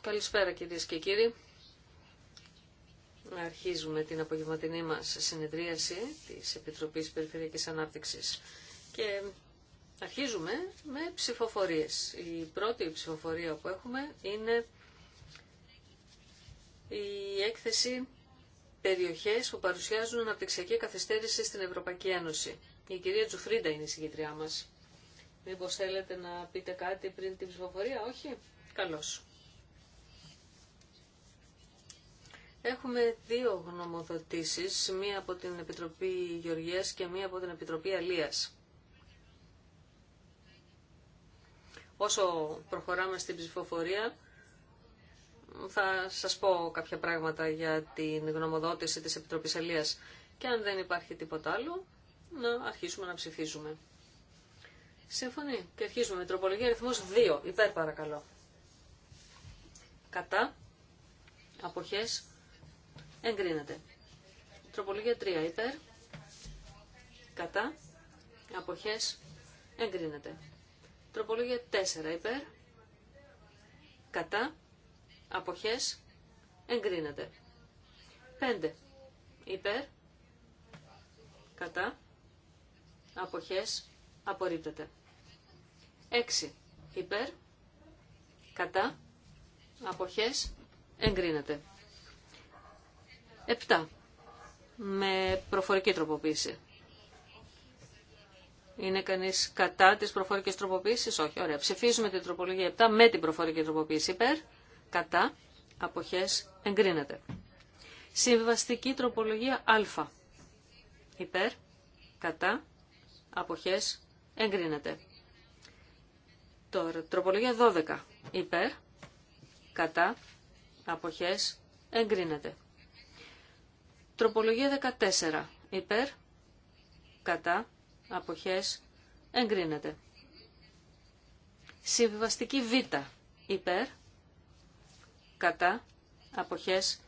Καλησπέρα κυρίες και κύριοι. Αρχίζουμε την απογευματινή μας συνεδρίαση της Επιτροπής Περιφερειακής Ανάπτυξης και αρχίζουμε με ψηφοφορίες. Η πρώτη ψηφοφορία που έχουμε είναι η έκθεση περιοχές που παρουσιάζουν αναπτυξιακή καθυστέρηση στην Ευρωπαϊκή Ένωση. Η κυρία Τζουφρίντα είναι η συγκεντριά μας. Μήπω θέλετε να πείτε κάτι πριν την ψηφοφορία, όχι. Καλώς. Έχουμε δύο γνωμοδοτήσεις, μία από την Επιτροπή Γεωργίας και μία από την Επιτροπή Αλίας. Όσο προχωράμε στην ψηφοφορία, θα σας πω κάποια πράγματα για την γνωμοδότηση της Επιτροπής Αλίας. Και αν δεν υπάρχει τίποτα άλλο, να αρχίσουμε να ψηφίζουμε. Συμφωνεί. Και αρχίζουμε με τροπολογία αριθμό 2. Υπέρ παρακαλώ. Κατά. Αποχέ. Εγκρίνεται. Τροπολογία 3. Υπέρ. Κατά. Αποχέ. Εγκρίνεται. Τροπολογία 4. Υπέρ. Κατά. Αποχέ. Εγκρίνεται. 5. Υπέρ. Κατά. Αποχές απορρίπτεται. 6 υπέρ, κατά, αποχές, εγκρίνεται. 7 με προφορική τροποποίηση. Είναι κανεί κατά τη προφορική τροποποίηση, όχι. Ωραία. Ψηφίζουμε την τροπολογία 7 με την προφορική τροποποίηση υπέρ, κατά, αποχέ, εγκρίνεται. Συμβαστική τροπολογία α. Υπέρ, κατά, αποχέ, Εγκρίνεται. Τώρα, τροπολογία 12. Υπέρ, κατά, αποχές, εγκρίνεται. Τροπολογία 14. Υπέρ, κατά, αποχές, εγκρίνεται. Συμβιβαστική Β. Υπέρ, κατά, αποχές,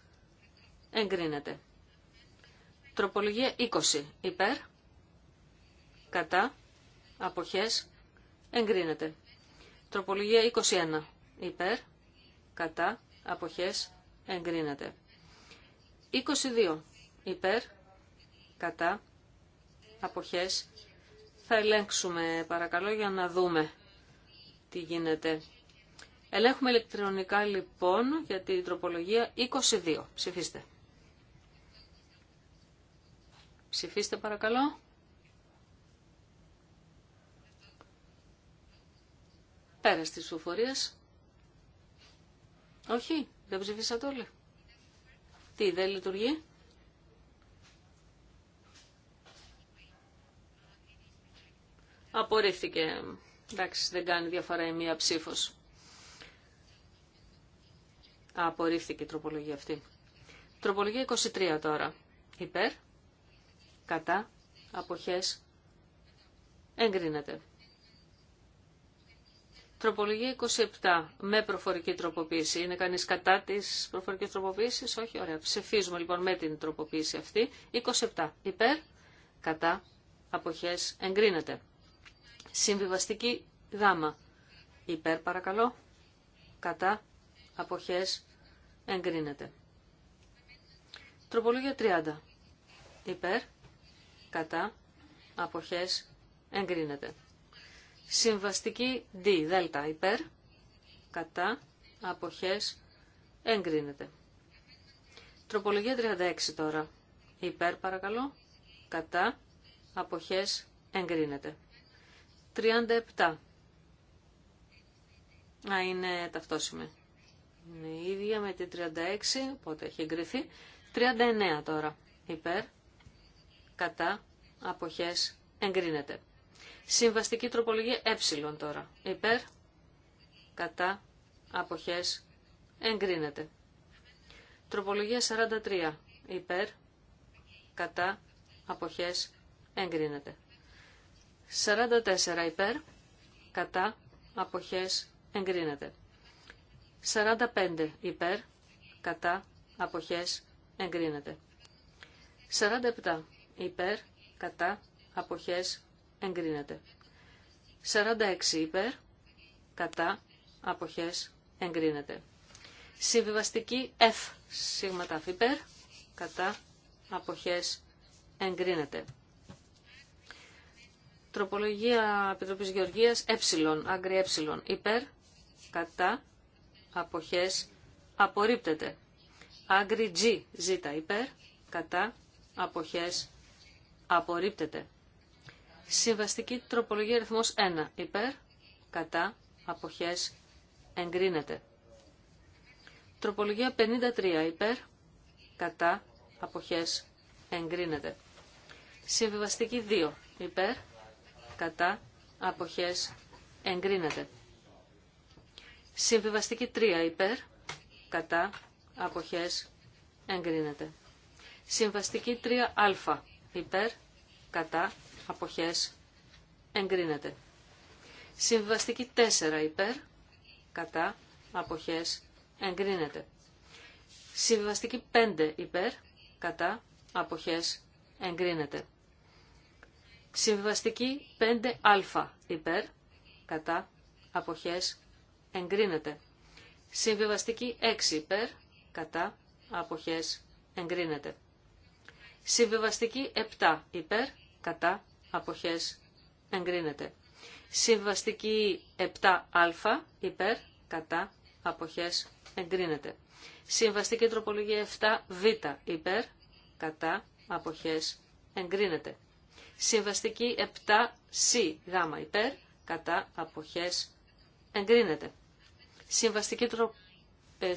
εγκρίνεται. Τροπολογία 20. Υπέρ, κατά, αποχές εγκρίνεται. Τροπολογία 21 υπέρ, κατά, αποχές εγκρίνεται. 22 υπέρ, κατά, αποχές θα ελέγξουμε παρακαλώ για να δούμε τι γίνεται. Ελέγχουμε ηλεκτρονικά λοιπόν για την τροπολογία 22. Ψηφίστε. Ψηφίστε παρακαλώ. Πέρα τη ψηφοφορία. Όχι, δεν ψηφίσατε όλοι. Τι, δεν λειτουργεί. Απορρίφθηκε. Εντάξει, δεν κάνει διαφορά η μία ψήφος. Απορρίφθηκε η τροπολογία αυτή. Τροπολογία 23 τώρα. Υπέρ, κατά, αποχές, εγκρίνεται. Τροπολογία 27 με προφορική τροποποίηση. Είναι κανείς κατά της προφορικής τροποποίησης. Όχι, ωραία. Ψηφίζουμε λοιπόν με την τροποποίηση αυτή. 27 υπέρ, κατά, αποχέ, εγκρίνεται. Συμβιβαστική γάμα. Υπέρ παρακαλώ, κατά, αποχέ. εγκρίνεται. Τροπολογία 30. Υπέρ, κατά, αποχέ. εγκρίνεται. Συμβαστική D, δέλτα, υπέρ, κατά, αποχές, εγκρίνεται. Τροπολογία 36 τώρα. Υπέρ παρακαλώ, κατά, αποχές, εγκρίνεται. 37. Α, είναι ταυτόσιμη. Είναι η ίδια με τη 36, πότε έχει εγκριθεί. 39 τώρα. Υπέρ, κατά, αποχές, εγκρίνεται. Συμβαστική τροπολογία ε τώρα. Υπέρ, κατά, αποχές, εγκρίνεται. Τροπολογία 43. Υπέρ, κατά, αποχές, εγκρίνεται. 44. Υπέρ, κατά, αποχές, εγκρίνεται. 45. Υπέρ, κατά, αποχές, εγκρίνεται. 47. Υπέρ, κατά, αποχές, εγκρίνεται. 46 υπέρ, κατά, αποχές, εγκρίνεται. Συμβιβαστική F, σίγματα υπέρ, κατά, αποχές, εγκρίνεται. Τροπολογία Επιτροπής Γεωργίας, ε, άγκρι ε, υπέρ, κατά, αποχές, απορρίπτεται. Άγκρι G, ζήτα, υπέρ, κατά, αποχές, απορρίπτεται. Συμβαστική τροπολογία αριθμό 1. Υπέρ, κατά, αποχές, εγκρίνεται. Τροπολογία 53. Υπέρ, κατά, αποχές, εγκρίνεται. Συμβιβαστική 2. Υπέρ, κατά, αποχές, εγκρίνεται. Συμβιβαστική 3. Υπέρ, κατά, αποχές, εγκρίνεται. Συμβαστική 3α. Υπέρ, κατά, αποχές εγκρίνεται. Συμβαστική 4 υπέρ, κατά, αποχές εγκρίνεται. Συμβαστική 5 υπέρ, κατά, αποχές εγκρίνεται. Συμβαστική 5α υπέρ, κατά, αποχές εγκρίνεται. Συμβιβαστική 6 υπέρ, κατά, αποχές εγκρίνεται. Συμβιβαστική 7 υπέρ, κατά, αποχές εγκρίνεται. Συμβαστική 7α υπέρ κατά αποχές εγκρίνεται. Συμβαστική τροπολογία 7β υπέρ κατά αποχές εγκρίνεται. Συμβαστική Σ. γάμα υπέρ κατά αποχές εγκρίνεται. Συμβαστική τρο... ε,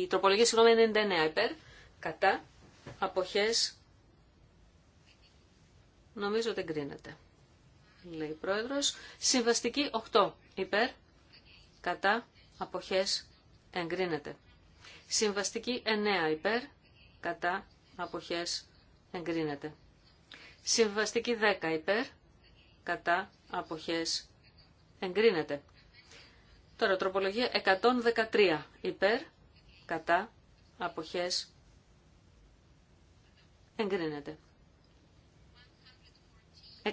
η τροπολογία συγγνώμη 99 υπέρ κατά αποχές Νομίζω ότι εγκρίνεται. Λέει η πρόεδρος. Συμβαστική 8. Υπέρ. Κατά. Αποχές. Εγκρίνεται. Συμβαστική 9. Υπέρ. Κατά. Αποχές. Εγκρίνεται. Συμβαστική 10. Υπέρ. Κατά. Αποχές. Εγκρίνεται. Τώρα τροπολογία 113. Υπέρ. Κατά. Αποχές. Εγκρίνεται.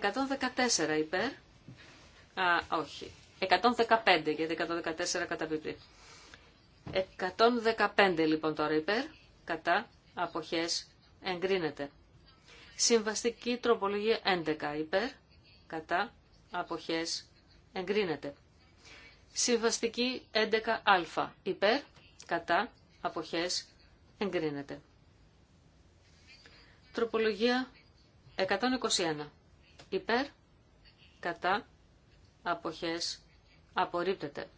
114 υπέρ. Α, όχι. 115, γιατί 114 καταπίπτει. 115 λοιπόν τώρα υπέρ, κατά, αποχές, εγκρίνεται. Συμβαστική τροπολογία 11 υπέρ, κατά, αποχές, εγκρίνεται. Συμβαστική 11α υπέρ, κατά, αποχές, εγκρίνεται. Τροπολογία 121 υπέρ, κατά, αποχές, απορρίπτεται.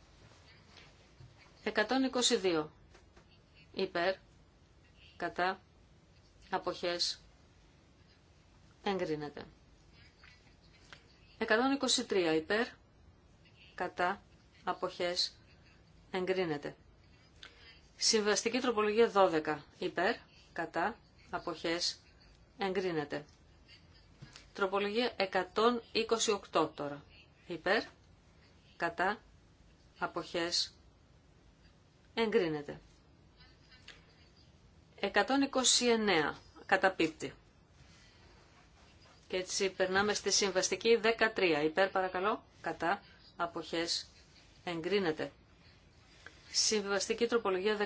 122 υπέρ, κατά, αποχές, εγκρίνεται. 123 υπέρ, κατά, αποχές, εγκρίνεται. Συμβαστική τροπολογία 12 υπέρ, κατά, αποχές, εγκρίνεται. Τροπολογία 128 τώρα. Υπέρ, κατά, αποχές, εγκρίνεται. 129, καταπίπτει. Και έτσι περνάμε στη συμβαστική 13. Υπέρ, παρακαλώ, κατά, αποχές, εγκρίνεται. Συμβαστική τροπολογία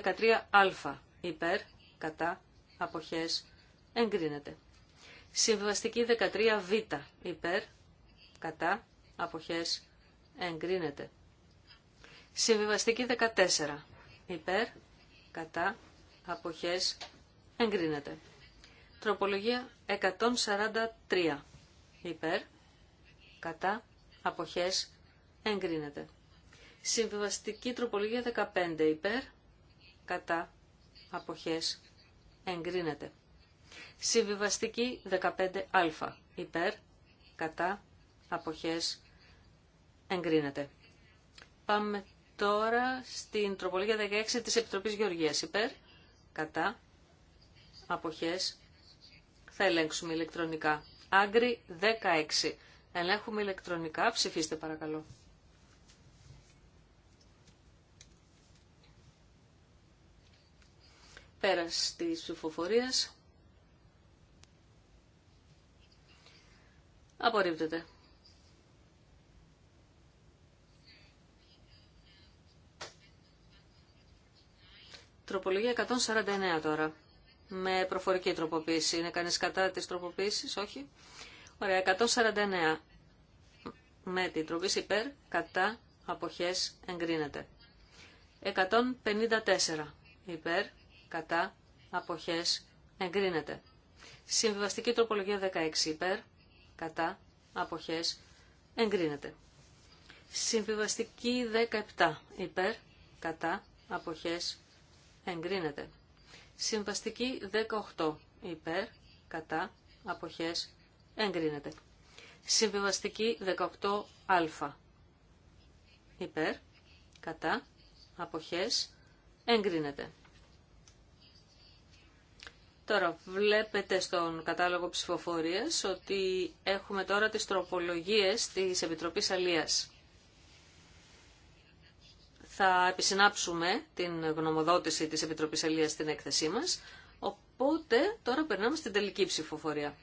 13α. Υπέρ, κατά, αποχές, εγκρίνεται. Συμβαστική 13β υπέρ, κατά, αποχές, εγκρίνεται. Συμβιβαστική 14 υπέρ, κατά, αποχές, εγκρίνεται. Τροπολογία 143 υπέρ, κατά, αποχές, εγκρίνεται. Συμβιβαστική τροπολογία 15 υπέρ, κατά, αποχές, εγκρίνεται. Συμβιβαστική 15α. Υπέρ, κατά, αποχές, εγκρίνεται. Πάμε τώρα στην τροπολογία 16 της Επιτροπής Γεωργίας. Υπέρ, κατά, αποχές, θα ελέγξουμε ηλεκτρονικά. Άγκρι 16. Ελέγχουμε ηλεκτρονικά. Ψηφίστε παρακαλώ. Πέρας της ψηφοφορίας Απορρίπτεται. Τροπολογία 149 τώρα. Με προφορική τροποποίηση. Είναι κανείς κατά της τροποποίησης, όχι. Ωραία, 149. Με την τροποποίηση υπέρ, κατά, αποχές, εγκρίνεται. 154. Υπέρ, κατά, αποχές, εγκρίνεται. Συμβιβαστική τροπολογία 16. Υπέρ, κατά αποχές εγκρίνεται. Συμβιβαστική 17 υπέρ κατά αποχές εγκρίνεται. Συμβαστική 18 υπέρ κατά αποχές εγκρίνεται. Συμβιβαστική 18α υπέρ κατά αποχές εγκρίνεται. Τώρα βλέπετε στον κατάλογο ψηφοφορίας ότι έχουμε τώρα τις τροπολογίες της Επιτροπής Αλίας. Θα επισυνάψουμε την γνωμοδότηση της Επιτροπής Αλίας στην έκθεσή μας, οπότε τώρα περνάμε στην τελική ψηφοφορία.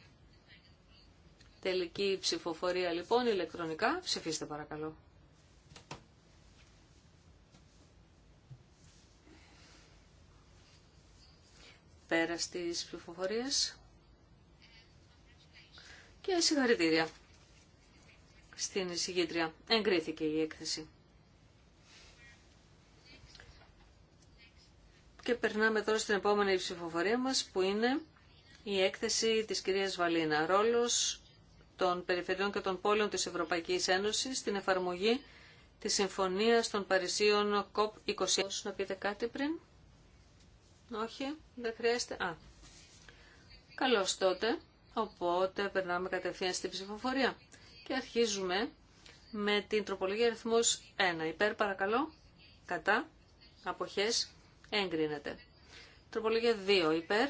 Τελική ψηφοφορία λοιπόν ηλεκτρονικά. Ψηφίστε παρακαλώ. πέρα στις και συγχαρητήρια στην εισηγήτρια. Εγκρίθηκε η έκθεση. Και περνάμε τώρα στην επόμενη ψηφοφορία μας που είναι η έκθεση της κυρίας Βαλίνα. Ρόλος των περιφερειών και των πόλεων της Ευρωπαϊκής Ένωσης στην εφαρμογή της Συμφωνίας των Παρισίων COP20. Να πείτε κάτι πριν. Όχι, δεν χρειάζεται. Α, καλώς τότε. Οπότε περνάμε κατευθείαν στην ψηφοφορία. Και αρχίζουμε με την τροπολογία αριθμού 1. Υπέρ παρακαλώ, κατά, αποχές, έγκρινεται. Τροπολογία 2. Υπέρ,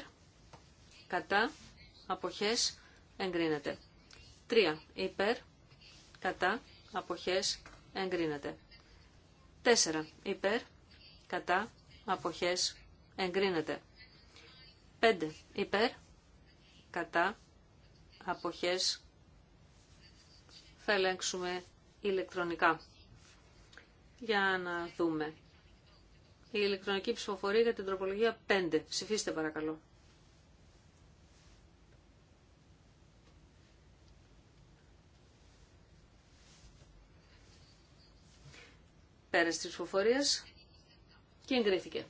κατά, αποχές, εγκρίνεται. 3. Υπέρ, κατά, αποχές, εγκρίνεται. 4. Υπέρ, κατά, αποχές, εγκρίνεται. 5 υπέρ, κατά, αποχές, θα ελέγξουμε ηλεκτρονικά. Για να δούμε. Η ηλεκτρονική ψηφοφορία για την τροπολογία 5. Ψηφίστε παρακαλώ. Πέρας της ψηφοφορίας και εγκρίθηκε.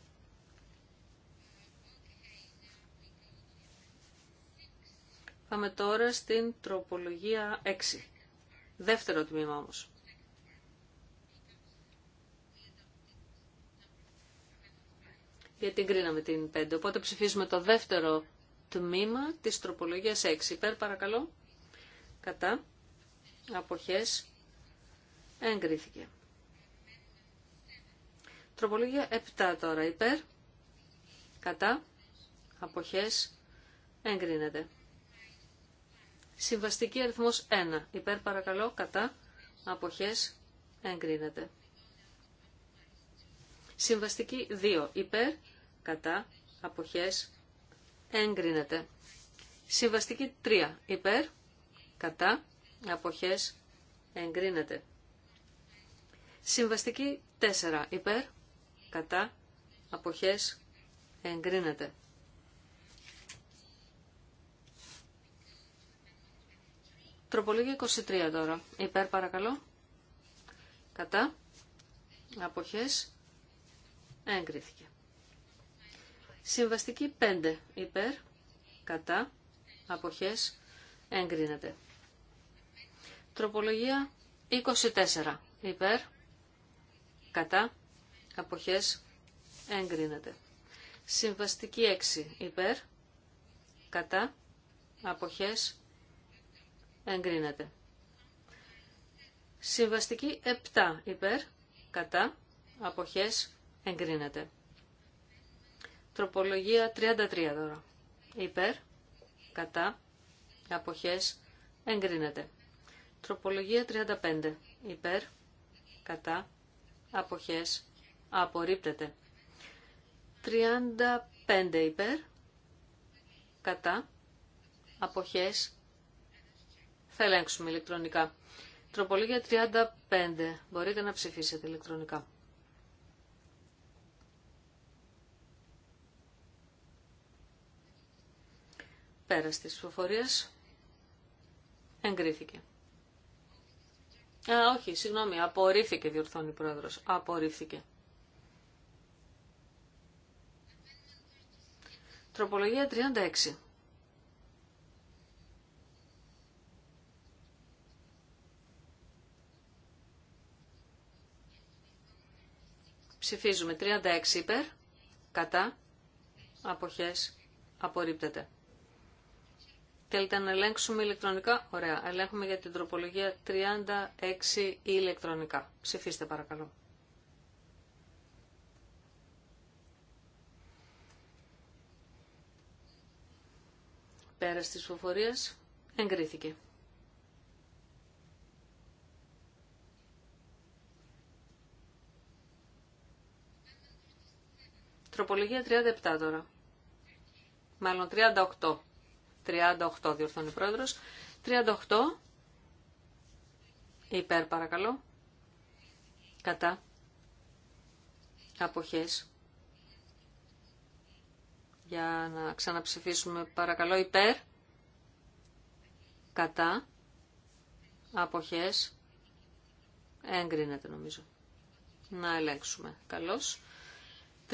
Πάμε τώρα στην τροπολογία 6. Δεύτερο τμήμα όμως. Γιατί κρίναμε την 5. Οπότε ψηφίζουμε το δεύτερο τμήμα της τροπολογίας 6. Υπέρ παρακαλώ. Κατά. Αποχές. Εγκρίθηκε. Τροπολογία 7 τώρα. Υπέρ. Κατά. Αποχές. Εγκρίνεται. Συμβαστική αριθμός 1. Υπέρ παρακαλώ, κατά, αποχές, εγκρίνεται. Συμβαστική 2. Υπέρ, κατά, αποχές, εγκρίνεται. Συμβαστική 3. Υπέρ, κατά, αποχές, εγκρίνεται. Συμβαστική 4. Υπέρ, κατά, αποχές, εγκρίνεται. Τροπολογία 23 τώρα. Υπέρ παρακαλώ. Κατά. Αποχές. Έγκριθηκε. Συμβαστική 5. Υπέρ. Κατά. Αποχές. Έγκρινεται. Τροπολογία 24. Υπέρ. Κατά. Αποχές. Έγκρινεται. Συμβαστική 6. Υπέρ. Κατά. Αποχές εγκρίνεται. Συμβαστική 7 υπέρ, κατά, αποχές, εγκρίνεται. Τροπολογία 33 τώρα. Υπέρ, κατά, αποχές, εγκρίνεται. Τροπολογία 35. Υπέρ, κατά, αποχές, απορρίπτεται. 35 υπέρ, κατά, αποχές, θα ελέγξουμε ηλεκτρονικά. Τροπολογία 35. Μπορείτε να ψηφίσετε ηλεκτρονικά. πέρασε της ψηφοφορίας εγκρίθηκε. Α, όχι, συγγνώμη, απορρίφθηκε διορθώνει ο πρόεδρος. Απορρίφθηκε. Τροπολογία 36. Ψηφίζουμε 36 υπέρ, κατά, αποχές, απορρίπτεται. Θέλετε να ελέγξουμε ηλεκτρονικά. Ωραία. Ελέγχουμε για την τροπολογία 36 ηλεκτρονικά. Ψηφίστε παρακαλώ. Πέρα της φοφορίας εγκρίθηκε. Τροπολογία 37 τώρα. Μάλλον 38. 38 διορθώνει ο πρόεδρος. 38. Υπέρ παρακαλώ. Κατά. Αποχές. Για να ξαναψηφίσουμε παρακαλώ υπέρ. Κατά. Αποχές. Έγκρινεται νομίζω. Να ελέγξουμε. Καλώς.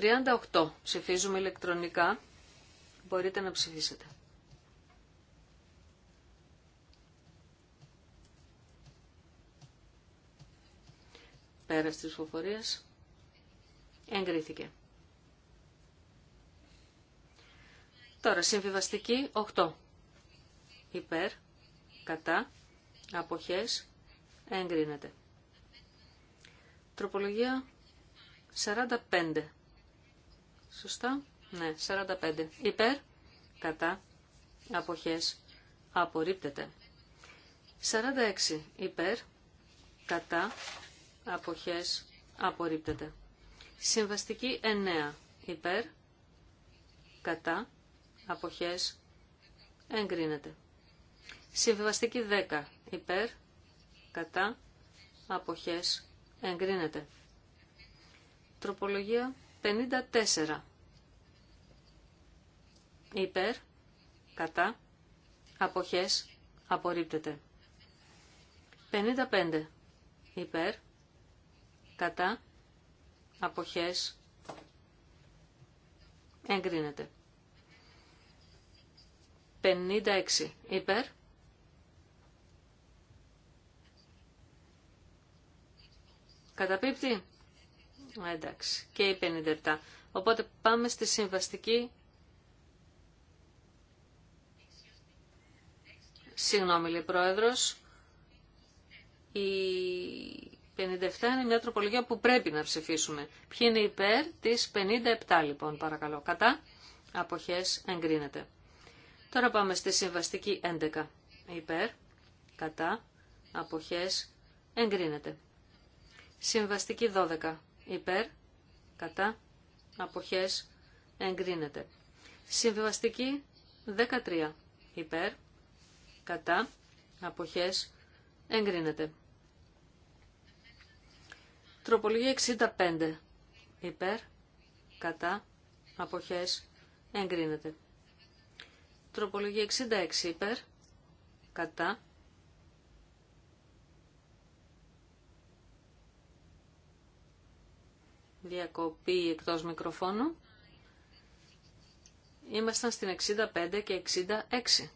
38. Ψηφίζουμε ηλεκτρονικά. Μπορείτε να ψηφίσετε. Πέρα της ψηφοφορίας. Εγκρίθηκε. Τώρα, συμβιβαστική 8. Υπέρ, κατά, αποχές, εγκρίνεται. Τροπολογία 45. Σωστά. Ναι, 45. Υπέρ, κατά, αποχές, απορρίπτεται. 46. Υπέρ, κατά, αποχές, απορρίπτεται. Συμβαστική 9. Υπέρ, κατά, αποχές, εγκρίνεται. Συμβαστική 10. Υπέρ, κατά, αποχές, εγκρίνεται. Τροπολογία 54. Υπέρ, κατά, αποχές, απορρίπτεται. 55. Υπέρ, κατά, αποχές, εγκρίνεται. 56. Υπέρ, καταπίπτει εντάξει, και η 57. Οπότε πάμε στη συμβαστική. Συγγνώμη, λέει πρόεδρος. Η 57 είναι μια τροπολογία που πρέπει να ψηφίσουμε. Ποιοι είναι υπέρ της 57 λοιπόν, παρακαλώ. Κατά, αποχές εγκρίνεται. Τώρα πάμε στη συμβαστική 11. Υπέρ, κατά, αποχές εγκρίνεται. Συμβαστική 12 υπέρ, κατά, αποχές, εγκρίνεται. Συμβιβαστική 13 υπέρ, κατά, αποχές, εγκρίνεται. Τροπολογία 65 υπέρ, κατά, αποχές, εγκρίνεται. Τροπολογία 66 υπέρ, κατά, διακοπή εκτός μικροφώνου. Ήμασταν στην 65 και 66.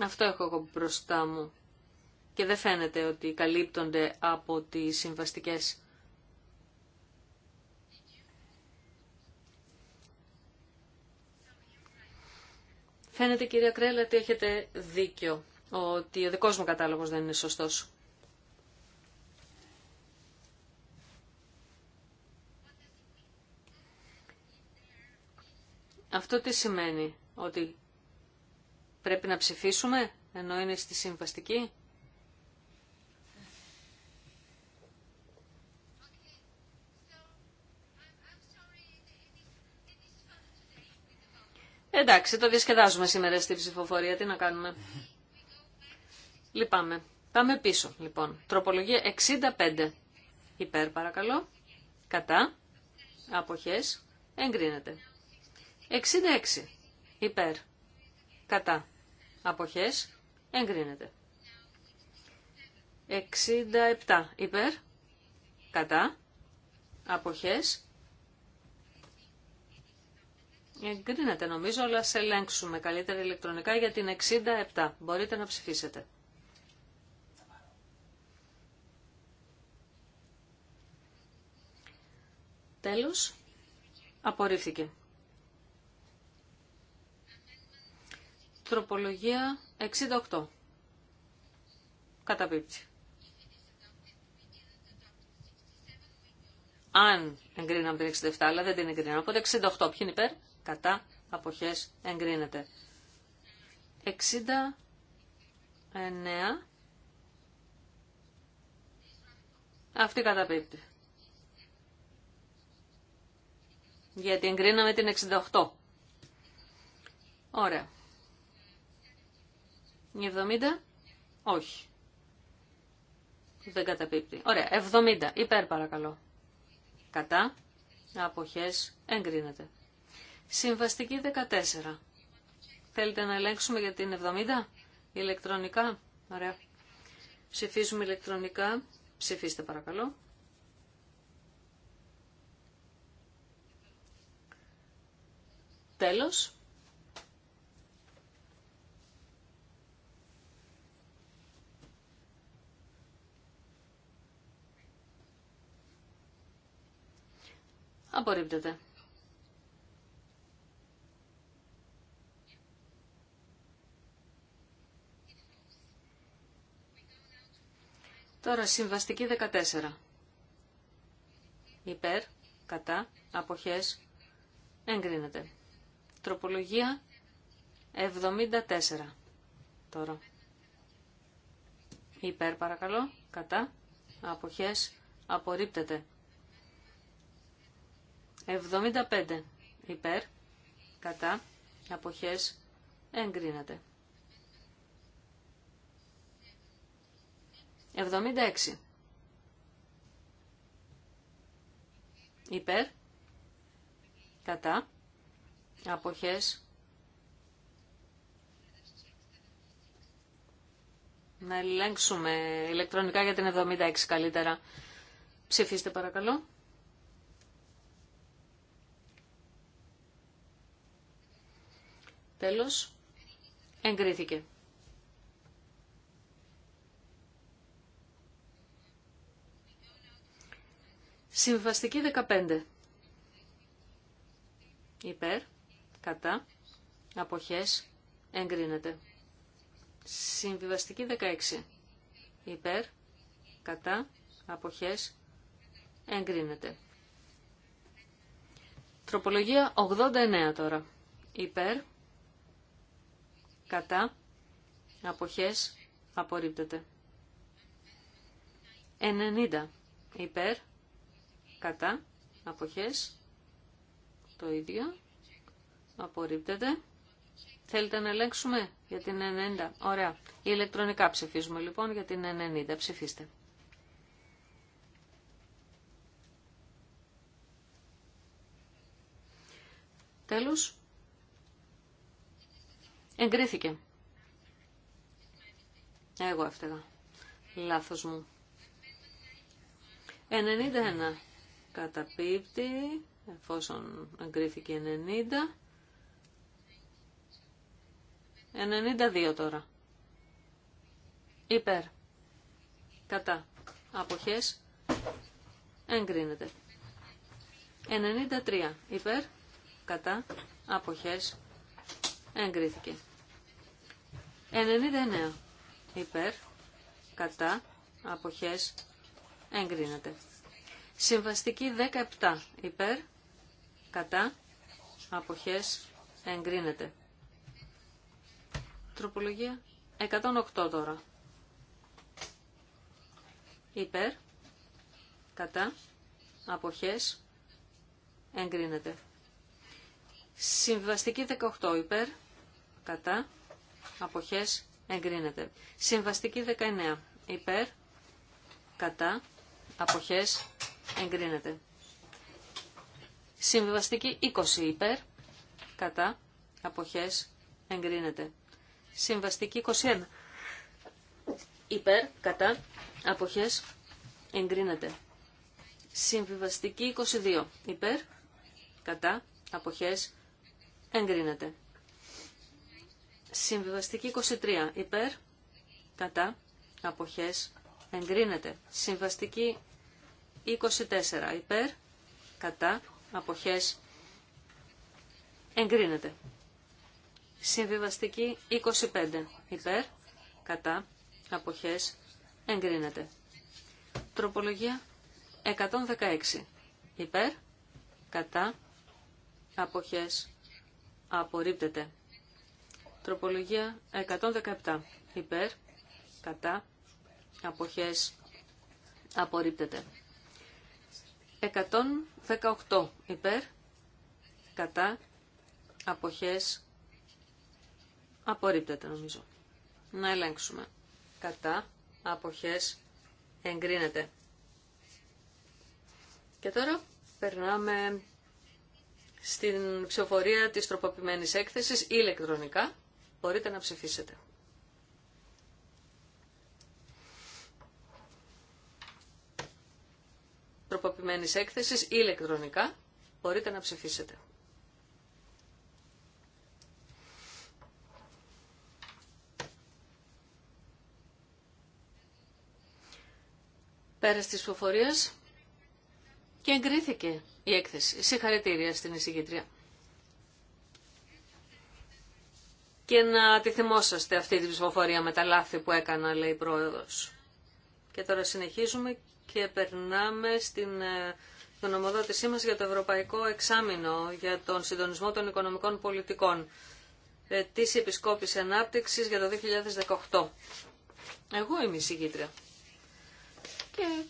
Αυτό έχω εγώ μπροστά μου και δεν φαίνεται ότι καλύπτονται από τις συμβαστικές. Φαίνεται κυρία Κρέλα ότι έχετε δίκιο, ότι ο δικός μου κατάλογος δεν είναι σωστός. Αυτό τι σημαίνει, ότι πρέπει να ψηφίσουμε ενώ είναι στη συμβαστική. Εντάξει, το διασκεδάζουμε σήμερα στη ψηφοφορία. Τι να κάνουμε. Λυπάμαι. Πάμε πίσω, λοιπόν. Τροπολογία 65. Υπέρ, παρακαλώ. Κατά. Αποχές. Εγκρίνεται. 66. Υπέρ. Κατά. Αποχές. Εγκρίνεται. 67. Υπέρ. Κατά. Αποχές. Εγκρίνεται νομίζω, αλλά σε ελέγξουμε καλύτερα ηλεκτρονικά για την 67. Μπορείτε να ψηφίσετε. Τέλος, απορρίφθηκε. Τροπολογία 68. Καταπίπτει. Αν εγκρίναμε την 67, αλλά δεν την εγκρίναμε. Οπότε 68. Ποιοι είναι υπέρ? κατά, αποχές, εγκρίνεται. 69 αυτή καταπίπτει. Γιατί εγκρίναμε την 68. Ωραία. 70 όχι. Δεν καταπίπτει. Ωραία. 70 υπέρ παρακαλώ. Κατά αποχές εγκρίνεται. Συμβαστική 14. Θέλετε να ελέγξουμε για την 70 ηλεκτρονικά. Ωραία. Ψηφίζουμε ηλεκτρονικά. Ψηφίστε παρακαλώ. Τέλος. Απορρίπτεται. Τώρα συμβαστική 14. Υπέρ, κατά, αποχές, εγκρίνεται. Τροπολογία 74. Τώρα. Υπέρ παρακαλώ, κατά, αποχές, απορρίπτεται. 75. Υπέρ, κατά, αποχές, εγκρίνεται. 76. Υπέρ. Κατά. Αποχές. Να ελέγξουμε ηλεκτρονικά για την 76 καλύτερα. Ψηφίστε παρακαλώ. Τέλος. Εγκρίθηκε. Συμβαστική 15. Υπέρ, κατά, αποχές, εγκρίνεται. Συμβιβαστική 16. Υπέρ, κατά, αποχές, εγκρίνεται. Τροπολογία 89 τώρα. Υπέρ, κατά, αποχές, απορρίπτεται. 90. Υπέρ, κατά, αποχές, το ίδιο, απορρίπτεται. Θέλετε να ελέγξουμε για την 90. Ωραία. Η ηλεκτρονικά ψηφίζουμε λοιπόν για την 90. Ψηφίστε. Τέλος. Εγκρίθηκε. Εγώ έφταιγα. Λάθος μου. 91 καταπίπτει εφόσον εγκρίθηκε 90. 92 τώρα. Υπέρ. Κατά. Αποχές. Εγκρίνεται. 93. Υπέρ. Κατά. Αποχές. Εγκρίθηκε. 99. Υπέρ. Κατά. Αποχές. Εγκρίνεται. Συμβαστική 17 υπέρ, κατά, αποχές, εγκρίνεται. Τροπολογία 108 τώρα. Υπέρ, κατά, αποχές, εγκρίνεται. Συμβαστική 18 υπέρ, κατά, αποχές, εγκρίνεται. Συμβαστική 19 υπέρ, κατά, αποχές, εγκρίνεται. Συμβιβαστική 20 υπέρ, κατά, αποχές, εγκρίνεται. Συμβαστική 21 υπέρ, κατά, αποχές, εγκρίνεται. Συμβιβαστική 22 υπέρ, κατά, αποχές, εγκρίνεται. Συμβιβαστική 23 υπέρ, κατά, αποχές, εγκρίνεται. Συμβαστική 24 υπέρ, κατά, αποχές, εγκρίνεται. Συμβιβαστική 25 υπέρ, κατά, αποχές, εγκρίνεται. Τροπολογία 116 υπέρ, κατά, αποχές, απορρίπτεται. Τροπολογία 117 υπέρ, κατά, αποχές, απορρίπτεται. 118 υπέρ, κατά, αποχές, απορρίπτεται νομίζω. Να ελέγξουμε. Κατά, αποχές, εγκρίνεται. Και τώρα περνάμε στην ψηφοφορία της τροποποιημένης έκθεσης ηλεκτρονικά. Μπορείτε να ψηφίσετε. τροποποιημένης έκθεσης ηλεκτρονικά. Μπορείτε να ψηφίσετε. Πέρας της ψηφοφορίας και εγκρίθηκε η έκθεση. Συγχαρητήρια στην εισηγητρία. Και να τη θυμόσαστε αυτή τη ψηφοφορία με τα λάθη που έκανα, λέει η πρόεδρος. Και τώρα συνεχίζουμε και περνάμε στην γνωμοδότησή ε, μας για το Ευρωπαϊκό Εξάμεινο για τον συντονισμό των οικονομικών πολιτικών. της Επισκόπης Ανάπτυξης για το 2018. Εγώ είμαι η συγκήτρια. Και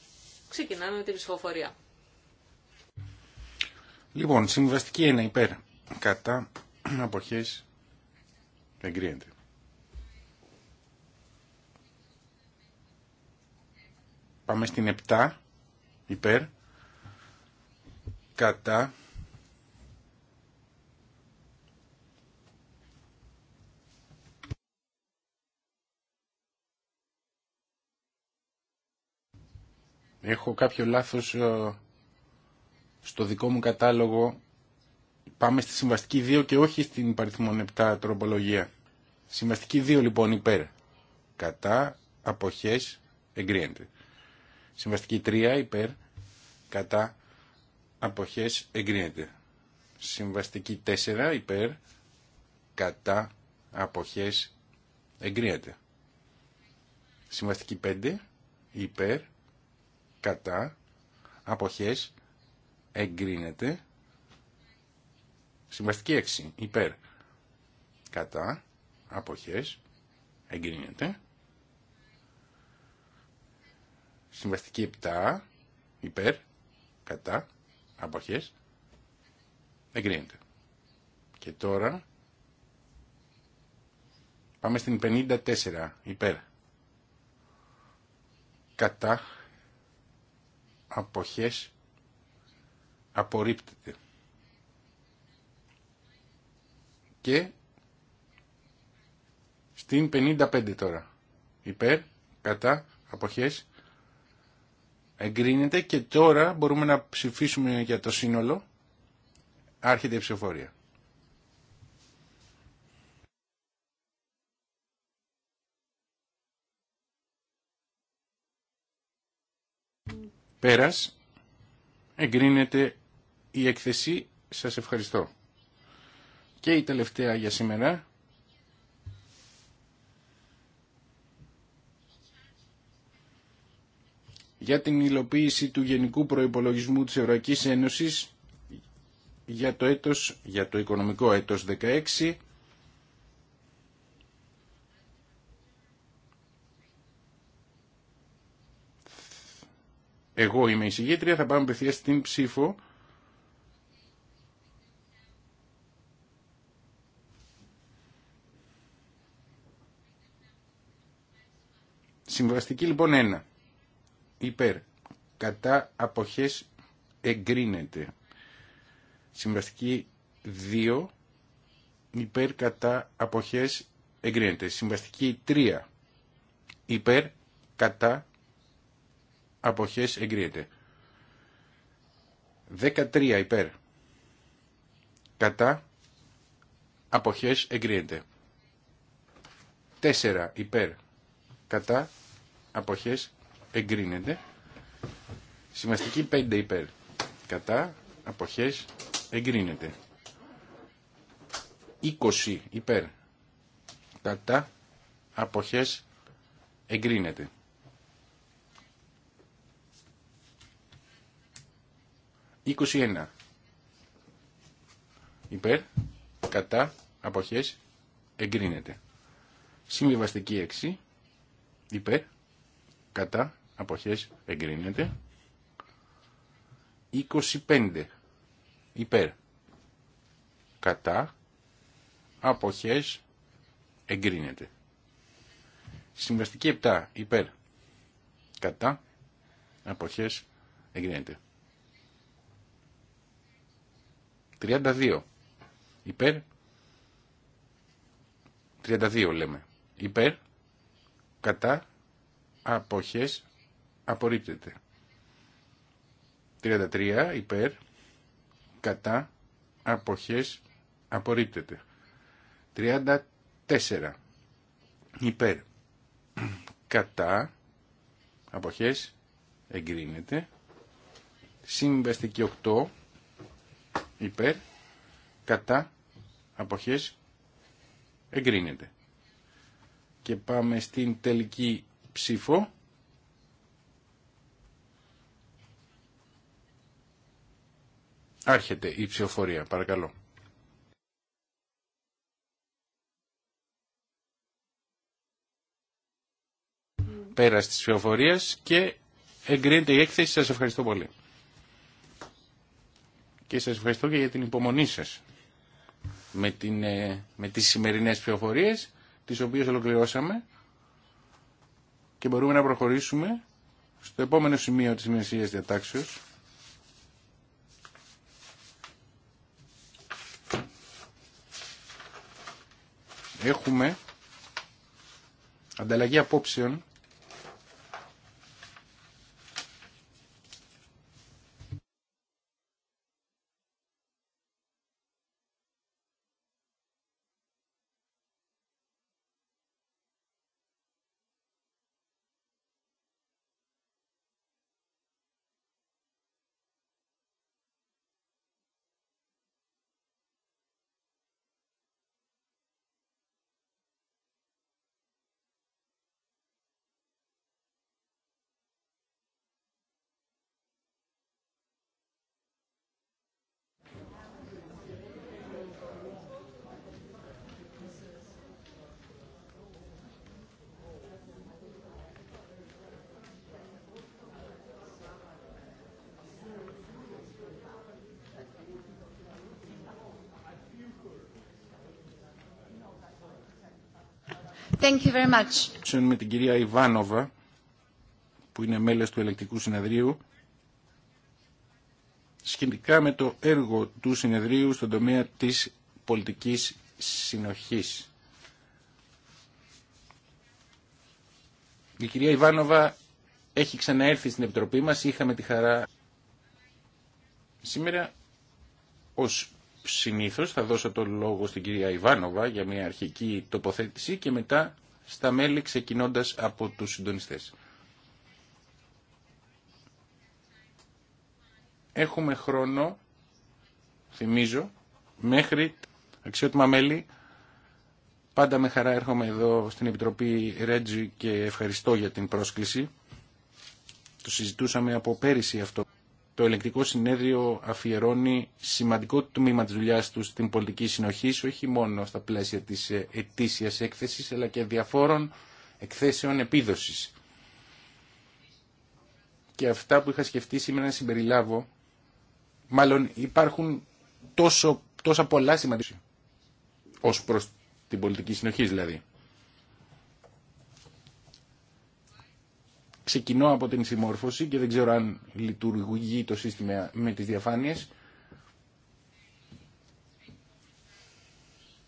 ξεκινάμε με την ψηφοφορία. Λοιπόν, συμβαστική 1 υπέρ. Κατά αποχές εγκρίνεται. Πάμε στην 7 υπέρ κατά Έχω κάποιο λάθος ε, στο δικό μου κατάλογο. Πάμε στη συμβαστική 2 και όχι στην παριθμόν 7 τροπολογία. Συμβαστική 2 λοιπόν υπέρ. Κατά αποχές εγκρίνεται. Συμβαστική 3 υπέρ κατά αποχές εγκρίνεται. Συμβαστική 4 υπέρ κατά αποχές εγκρίνεται. Συμβαστική 5 υπέρ κατά αποχές εγκρίνεται. Συμβαστική 6 υπέρ κατά αποχές εγκρίνεται. Συμβαστική 7 υπέρ, κατά, αποχές, εγκρίνεται. Και τώρα πάμε στην 54 υπέρ, κατά, αποχές, απορρίπτεται. Και στην 55 τώρα υπέρ, κατά, αποχές, Εγκρίνεται και τώρα μπορούμε να ψηφίσουμε για το σύνολο. Άρχεται η ψηφοφορία. Πέρας, εγκρίνεται η έκθεση. Σας ευχαριστώ. Και η τελευταία για σήμερα για την υλοποίηση του Γενικού Προϋπολογισμού της Ευρωπαϊκής Ένωσης για το, έτος, για το οικονομικό έτος 16 Εγώ είμαι η συγγήτρια, θα πάμε απευθεία στην ψήφο. Συμβαστική λοιπόν ένα υπέρ κατά αποχές εγκρίνεται. Συμβαστική 2 υπέρ κατά αποχές εγκρίνεται. Συμβαστική 3 υπέρ κατά αποχές εγκρίνεται. 13 υπέρ κατά αποχές εγκρίνεται. 4 υπέρ κατά αποχές εγκρίνεται. Σημαστική 5 υπέρ. Κατά αποχές εγκρίνεται. 20 υπέρ. Κατά αποχές εγκρίνεται. 21 υπέρ. Κατά αποχές εγκρίνεται. Συμβιβαστική 6 υπέρ. Κατά αποχές εγκρίνεται. 25 υπέρ κατά αποχές εγκρίνεται. Συμβαστική 7 υπέρ κατά αποχές εγκρίνεται. 32 υπέρ 32 λέμε υπέρ κατά αποχές απορρίπτεται. 33 υπέρ κατά αποχές απορρίπτεται. 34 υπέρ κατά αποχές εγκρίνεται. Συμβαστική 8 υπέρ κατά αποχές εγκρίνεται. Και πάμε στην τελική ψήφο Άρχεται η ψηφοφορία, παρακαλώ. πέρα τη ψηφοφορία και εγκρίνεται η έκθεση. Σας ευχαριστώ πολύ. Και σας ευχαριστώ και για την υπομονή σας με, την, ε, με τις σημερινές ψηφοφορίες, τις οποίες ολοκληρώσαμε και μπορούμε να προχωρήσουμε στο επόμενο σημείο της μεσίας Διατάξεως. έχουμε ανταλλαγή απόψεων Thank Με την κυρία Ιβάνοβα, που είναι μέλος του Ελεκτικού Συνεδρίου, σχετικά με το έργο του συνεδρίου στον τομέα της πολιτικής συνοχής. Η κυρία Ιβάνοβα έχει ξαναέρθει στην Επιτροπή μας, είχαμε τη χαρά σήμερα ως συνήθως θα δώσω το λόγο στην κυρία Ιβάνοβα για μια αρχική τοποθέτηση και μετά στα μέλη ξεκινώντας από τους συντονιστές. Έχουμε χρόνο, θυμίζω, μέχρι αξιότιμα μέλη. Πάντα με χαρά έρχομαι εδώ στην Επιτροπή Ρέτζι και ευχαριστώ για την πρόσκληση. Το συζητούσαμε από πέρυσι αυτό το ελεγκτικό συνέδριο αφιερώνει σημαντικό τμήμα της δουλειάς του στην πολιτική συνοχή, όχι μόνο στα πλαίσια της ε, ετήσιας έκθεσης, αλλά και διαφόρων εκθέσεων επίδοσης. Και αυτά που είχα σκεφτεί σήμερα να συμπεριλάβω, μάλλον υπάρχουν τόσο, τόσα πολλά σημαντικά ως προς την πολιτική συνοχή δηλαδή. ξεκινώ από την συμμόρφωση και δεν ξέρω αν λειτουργεί το σύστημα με τις διαφάνειες.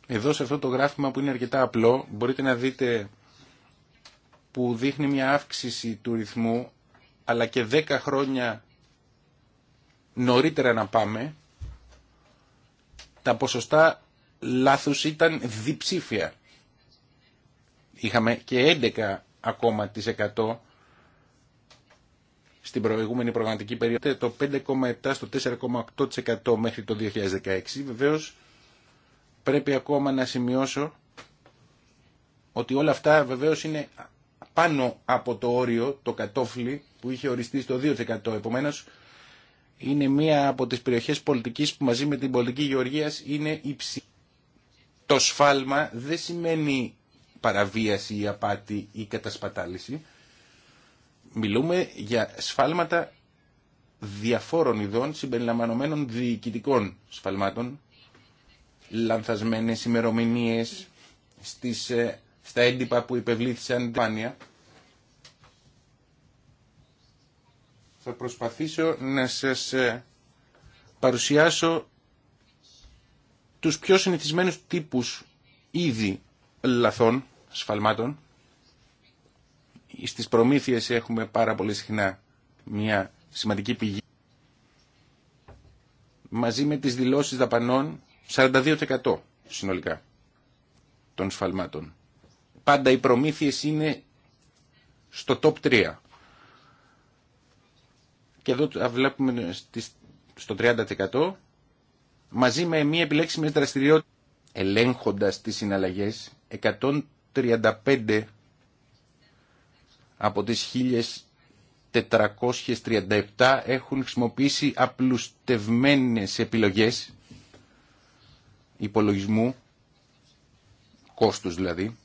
Εδώ σε αυτό το γράφημα που είναι αρκετά απλό μπορείτε να δείτε που δείχνει μια αύξηση του ρυθμού αλλά και 10 χρόνια νωρίτερα να πάμε τα ποσοστά λάθους ήταν διψήφια. Είχαμε και 11 ακόμα τις 100 στην προηγούμενη προγραμματική περίοδο, το 5,7% στο 4,8% μέχρι το 2016. Βεβαίως πρέπει ακόμα να σημειώσω ότι όλα αυτά βεβαίως είναι πάνω από το όριο, το κατόφλι που είχε οριστεί στο 2%. Επομένως είναι μία από τις περιοχές πολιτικής που μαζί με την πολιτική γεωργίας είναι υψηλή. Το σφάλμα δεν σημαίνει παραβίαση ή απάτη ή κατασπατάληση. Μιλούμε για σφάλματα διαφόρων ειδών συμπεριλαμβανομένων διοικητικών σφαλμάτων, λανθασμένες ημερομηνίε στις, ε, στα έντυπα που υπευλήθησαν Πάνια. Θα προσπαθήσω να σας ε, παρουσιάσω τους πιο συνηθισμένους τύπους ήδη λαθών, σφαλμάτων, στις προμήθειες έχουμε πάρα πολύ συχνά μια σημαντική πηγή. Μαζί με τις δηλώσεις δαπανών 42% συνολικά των σφαλμάτων. Πάντα οι προμήθειες είναι στο top 3. Και εδώ βλέπουμε στο 30% μαζί με μία επιλέξιμη δραστηριότητα ελέγχοντας τις συναλλαγές 135 από τις 1.437 έχουν χρησιμοποιήσει απλουστευμένες επιλογές υπολογισμού, κόστους δηλαδή,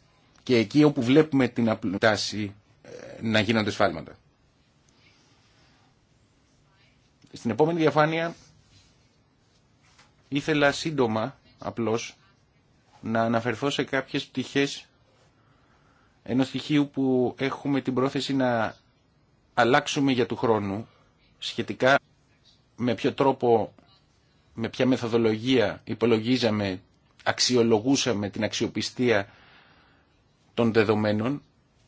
και εκεί όπου βλέπουμε την απλούταση ε, να γίνονται σφάλματα. Στην επόμενη διαφάνεια ήθελα σύντομα απλώς να αναφερθώ σε κάποιες πτυχές ενός στοιχείου που έχουμε την πρόθεση να αλλάξουμε για του χρόνου σχετικά με ποιο τρόπο, με ποια μεθοδολογία υπολογίζαμε, αξιολογούσαμε την αξιοπιστία των δεδομένων.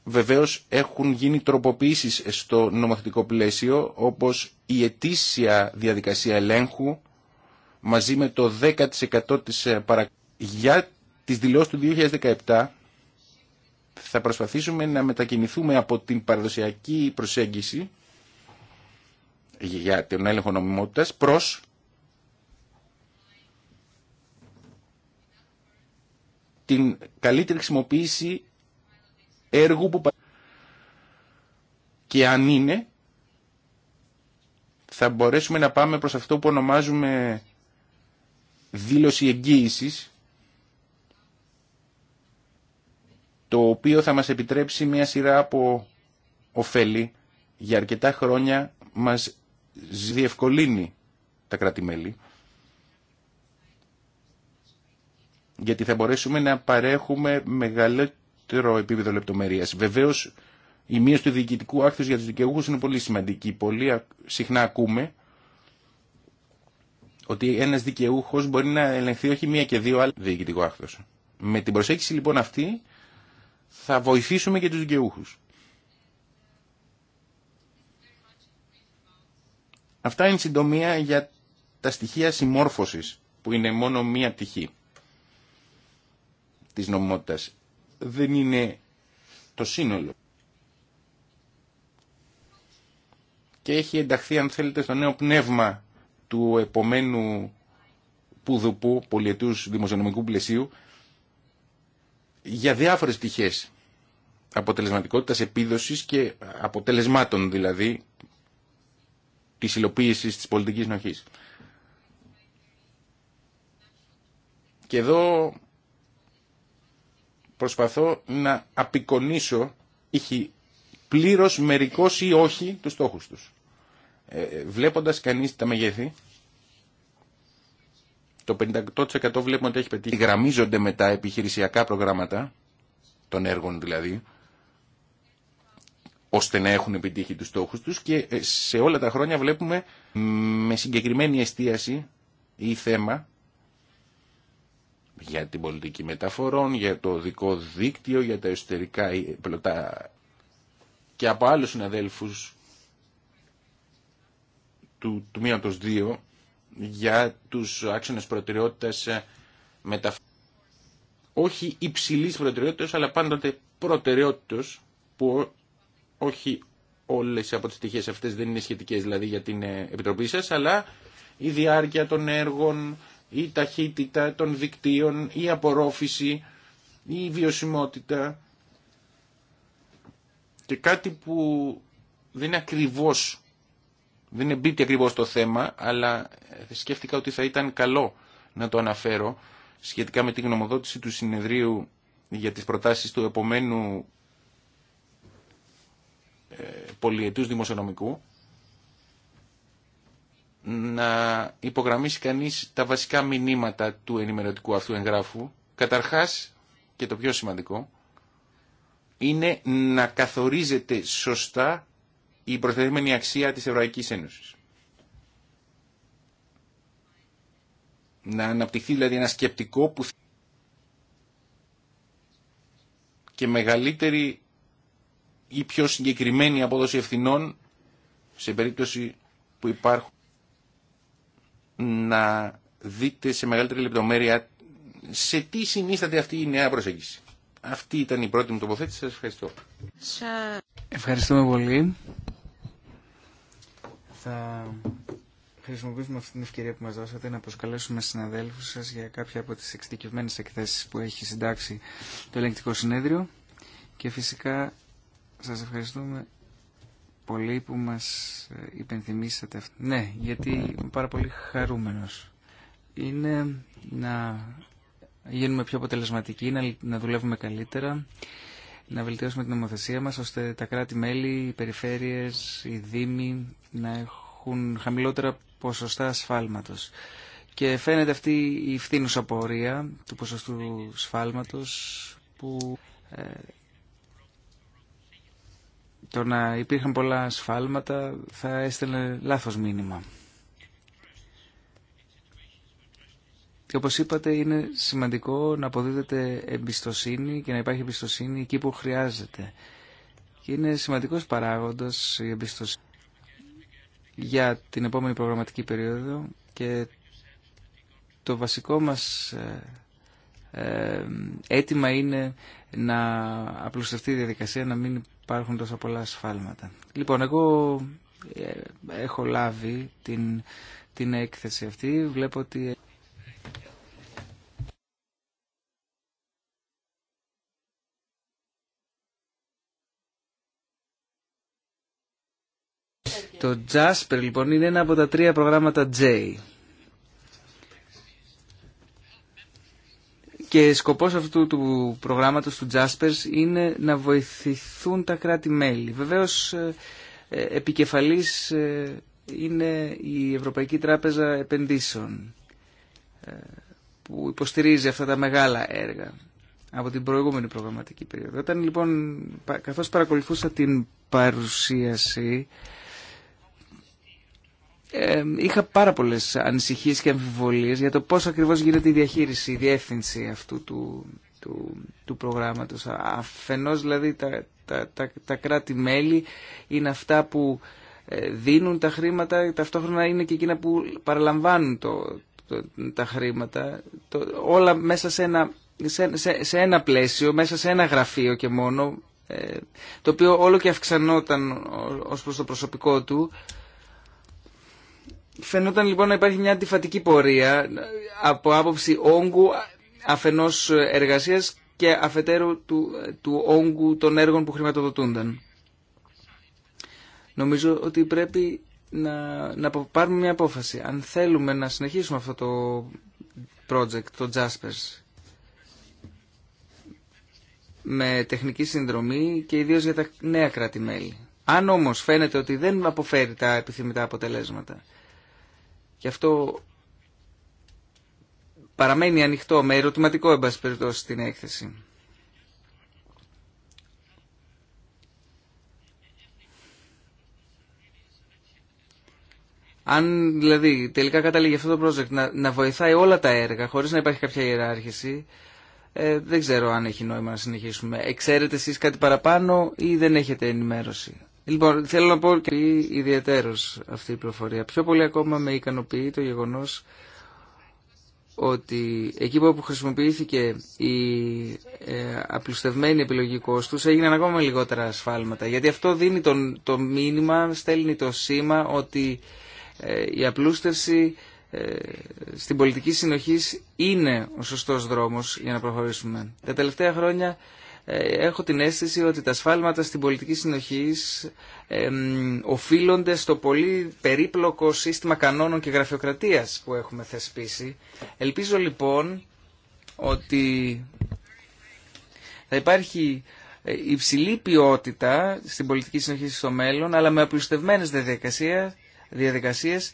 Βεβαίως έχουν γίνει τροποποιήσεις στο νομοθετικό πλαίσιο όπως η ετήσια διαδικασία ελέγχου μαζί με το 10% της παρακολουθίας για τις δηλώσεις του 2017 θα προσπαθήσουμε να μετακινηθούμε από την παραδοσιακή προσέγγιση για τον έλεγχο νομιμότητας προς την καλύτερη χρησιμοποίηση έργου που και αν είναι θα μπορέσουμε να πάμε προς αυτό που ονομάζουμε δήλωση εγγύησης το οποίο θα μας επιτρέψει μια σειρά από ωφέλη για αρκετά χρόνια μας διευκολύνει τα κρατη γιατί θα μπορέσουμε να παρέχουμε μεγαλύτερο επίπεδο λεπτομερίας. Βεβαίως η μείωση του διοικητικού άκθους για τους δικαιούχους είναι πολύ σημαντική. Πολύ συχνά ακούμε ότι ένας δικαιούχος μπορεί να ελεγχθεί όχι μία και δύο άλλα διοικητικό άκθος. Με την προσέγγιση λοιπόν αυτή θα βοηθήσουμε και τους δικαιούχους. Αυτά είναι συντομία για τα στοιχεία συμμόρφωσης, που είναι μόνο μία πτυχή της νομότητας. Δεν είναι το σύνολο. Και έχει ενταχθεί, αν θέλετε, στο νέο πνεύμα του επομένου πουδουπού πολιετούς δημοσιονομικού πλαισίου, για διάφορες πτυχές αποτελεσματικότητας επίδοσης και αποτελεσμάτων δηλαδή της υλοποίησης της πολιτικής νοχής. Και εδώ προσπαθώ να απεικονίσω είχε πλήρως μερικός ή όχι τους στόχους τους. Ε, ε, βλέποντας κανείς τα μεγέθη το 58% βλέπουμε ότι έχει πετύχει. Γραμμίζονται με τα επιχειρησιακά προγράμματα των έργων δηλαδή ώστε να έχουν επιτύχει τους στόχους τους και ε, σε όλα τα χρόνια βλέπουμε με συγκεκριμένη εστίαση ή θέμα για την πολιτική μεταφορών, για το δικό δίκτυο, για τα εσωτερικά ε, πλωτά και από άλλους συναδέλφους του τμήματος 2 για τους άξονες προτεραιότητας ε, μετα... όχι υψηλής προτεραιότητας αλλά πάντοτε προτεραιότητας που όχι όλες από τις στοιχείες αυτές δεν είναι σχετικές δηλαδή για την ε, Επιτροπή σας αλλά η διάρκεια των έργων, η ταχύτητα των δικτύων, η απορρόφηση, η βιωσιμότητα και κάτι που δεν είναι ακριβώς δεν εμπίπτει ακριβώς το θέμα, αλλά ε, σκέφτηκα ότι θα ήταν καλό να το αναφέρω σχετικά με την γνωμοδότηση του συνεδρίου για τις προτάσεις του επομένου ε, πολιετούς δημοσιονομικού να υπογραμμίσει κανείς τα βασικά μηνύματα του ενημερωτικού αυτού εγγράφου. Καταρχάς, και το πιο σημαντικό, είναι να καθορίζεται σωστά η προσθεθέμενη αξία της Ευρωπαϊκής Ένωσης. Να αναπτυχθεί δηλαδή ένα σκεπτικό που και μεγαλύτερη ή πιο συγκεκριμένη απόδοση ευθυνών σε περίπτωση που υπάρχουν να δείτε σε μεγαλύτερη λεπτομέρεια σε τι συνίσταται αυτή η νέα προσέγγιση. Αυτή ήταν η πρώτη μου τοποθέτηση. Σας ευχαριστώ. Ευχαριστούμε πολύ θα χρησιμοποιήσουμε αυτή την ευκαιρία που μας δώσατε να προσκαλέσουμε συναδέλφους σας για κάποια από τις εξειδικευμένες εκθέσεις που έχει συντάξει το ελεγκτικό συνέδριο και φυσικά σας ευχαριστούμε πολύ που μας υπενθυμίσατε Ναι, γιατί είμαι πάρα πολύ χαρούμενος. Είναι να γίνουμε πιο αποτελεσματικοί, να, να δουλεύουμε καλύτερα να βελτιώσουμε την νομοθεσία μας ώστε τα κράτη-μέλη, οι περιφέρειες, οι δήμοι να έχουν χαμηλότερα ποσοστά ασφάλματος. Και φαίνεται αυτή η φθήνουσα πορεία του ποσοστού σφάλματος που ε, το να υπήρχαν πολλά σφάλματα θα έστελνε λάθος μήνυμα. Και όπως είπατε είναι σημαντικό να αποδίδεται εμπιστοσύνη και να υπάρχει εμπιστοσύνη εκεί που χρειάζεται. Και είναι σημαντικός παράγοντας η εμπιστοσύνη για την επόμενη προγραμματική περίοδο και το βασικό μας ε, ε, αίτημα είναι να απλουστευτεί η διαδικασία, να μην υπάρχουν τόσα πολλά ασφάλματα. Λοιπόν, εγώ ε, έχω λάβει την, την έκθεση αυτή, βλέπω ότι Το Jasper λοιπόν είναι ένα από τα τρία προγράμματα J. Και σκοπός αυτού του προγράμματος του Jaspers είναι να βοηθηθούν τα κράτη-μέλη. Βεβαίως ε, ε, επικεφαλής ε, είναι η Ευρωπαϊκή Τράπεζα Επενδύσεων που υποστηρίζει αυτά τα μεγάλα έργα από την προηγούμενη προγραμματική περίοδο. Όταν λοιπόν, καθώς παρακολουθούσα την παρουσίαση, είχα πάρα πολλές ανησυχίες και αμφιβολίες για το πώς ακριβώς γίνεται η διαχείριση, η διεύθυνση αυτού του, του, του προγράμματος. Αφενός δηλαδή τα, τα, τα, κράτη-μέλη είναι αυτά που ε, δίνουν τα χρήματα, ταυτόχρονα είναι και εκείνα που παραλαμβάνουν το, τα χρήματα. Το, όλα μέσα σε ένα, σε, σε, σε ένα πλαίσιο, μέσα σε ένα γραφείο και μόνο, ε, το οποίο όλο και αυξανόταν ως προς το προσωπικό του, Φαινόταν λοιπόν να υπάρχει μια αντιφατική πορεία από άποψη όγκου αφενός εργασίας και αφετέρου του, του όγκου των έργων που χρηματοδοτούνταν. Νομίζω ότι πρέπει να, να πάρουμε μια απόφαση. Αν θέλουμε να συνεχίσουμε αυτό το project, το Jaspers, με τεχνική συνδρομή και ιδίως για τα νέα κράτη-μέλη. Αν όμως φαίνεται ότι δεν αποφέρει τα επιθυμητά αποτελέσματα Γι' αυτό παραμένει ανοιχτό με ερωτηματικό εμπάση περιπτώσει στην έκθεση. Αν δηλαδή τελικά καταλήγει αυτό το project να, να βοηθάει όλα τα έργα χωρίς να υπάρχει κάποια ιεράρχηση, ε, δεν ξέρω αν έχει νόημα να συνεχίσουμε. Εξαίρετε εσείς κάτι παραπάνω ή δεν έχετε ενημέρωση. Λοιπόν, θέλω να πω και ιδιαίτερο αυτή η προφορία. Πιο πολύ ακόμα με ικανοποιεί το γεγονός ότι εκεί που χρησιμοποιήθηκε η ε, απλουστευμένη επιλογή κόστου έγιναν ακόμα λιγότερα ασφάλματα. Γιατί αυτό δίνει τον, το μήνυμα, στέλνει το σήμα ότι ε, η απλούστευση ε, στην πολιτική συνοχή είναι ο σωστός δρόμος για να προχωρήσουμε. Τα τελευταία χρόνια ε, έχω την αίσθηση ότι τα σφάλματα στην πολιτική συνοχής οφείλονται στο πολύ περίπλοκο σύστημα κανόνων και γραφειοκρατίας που έχουμε θεσπίσει. Ελπίζω λοιπόν ότι θα υπάρχει ε, υψηλή ποιότητα στην πολιτική συνοχή στο μέλλον, αλλά με απλουστευμένες διαδικασίες,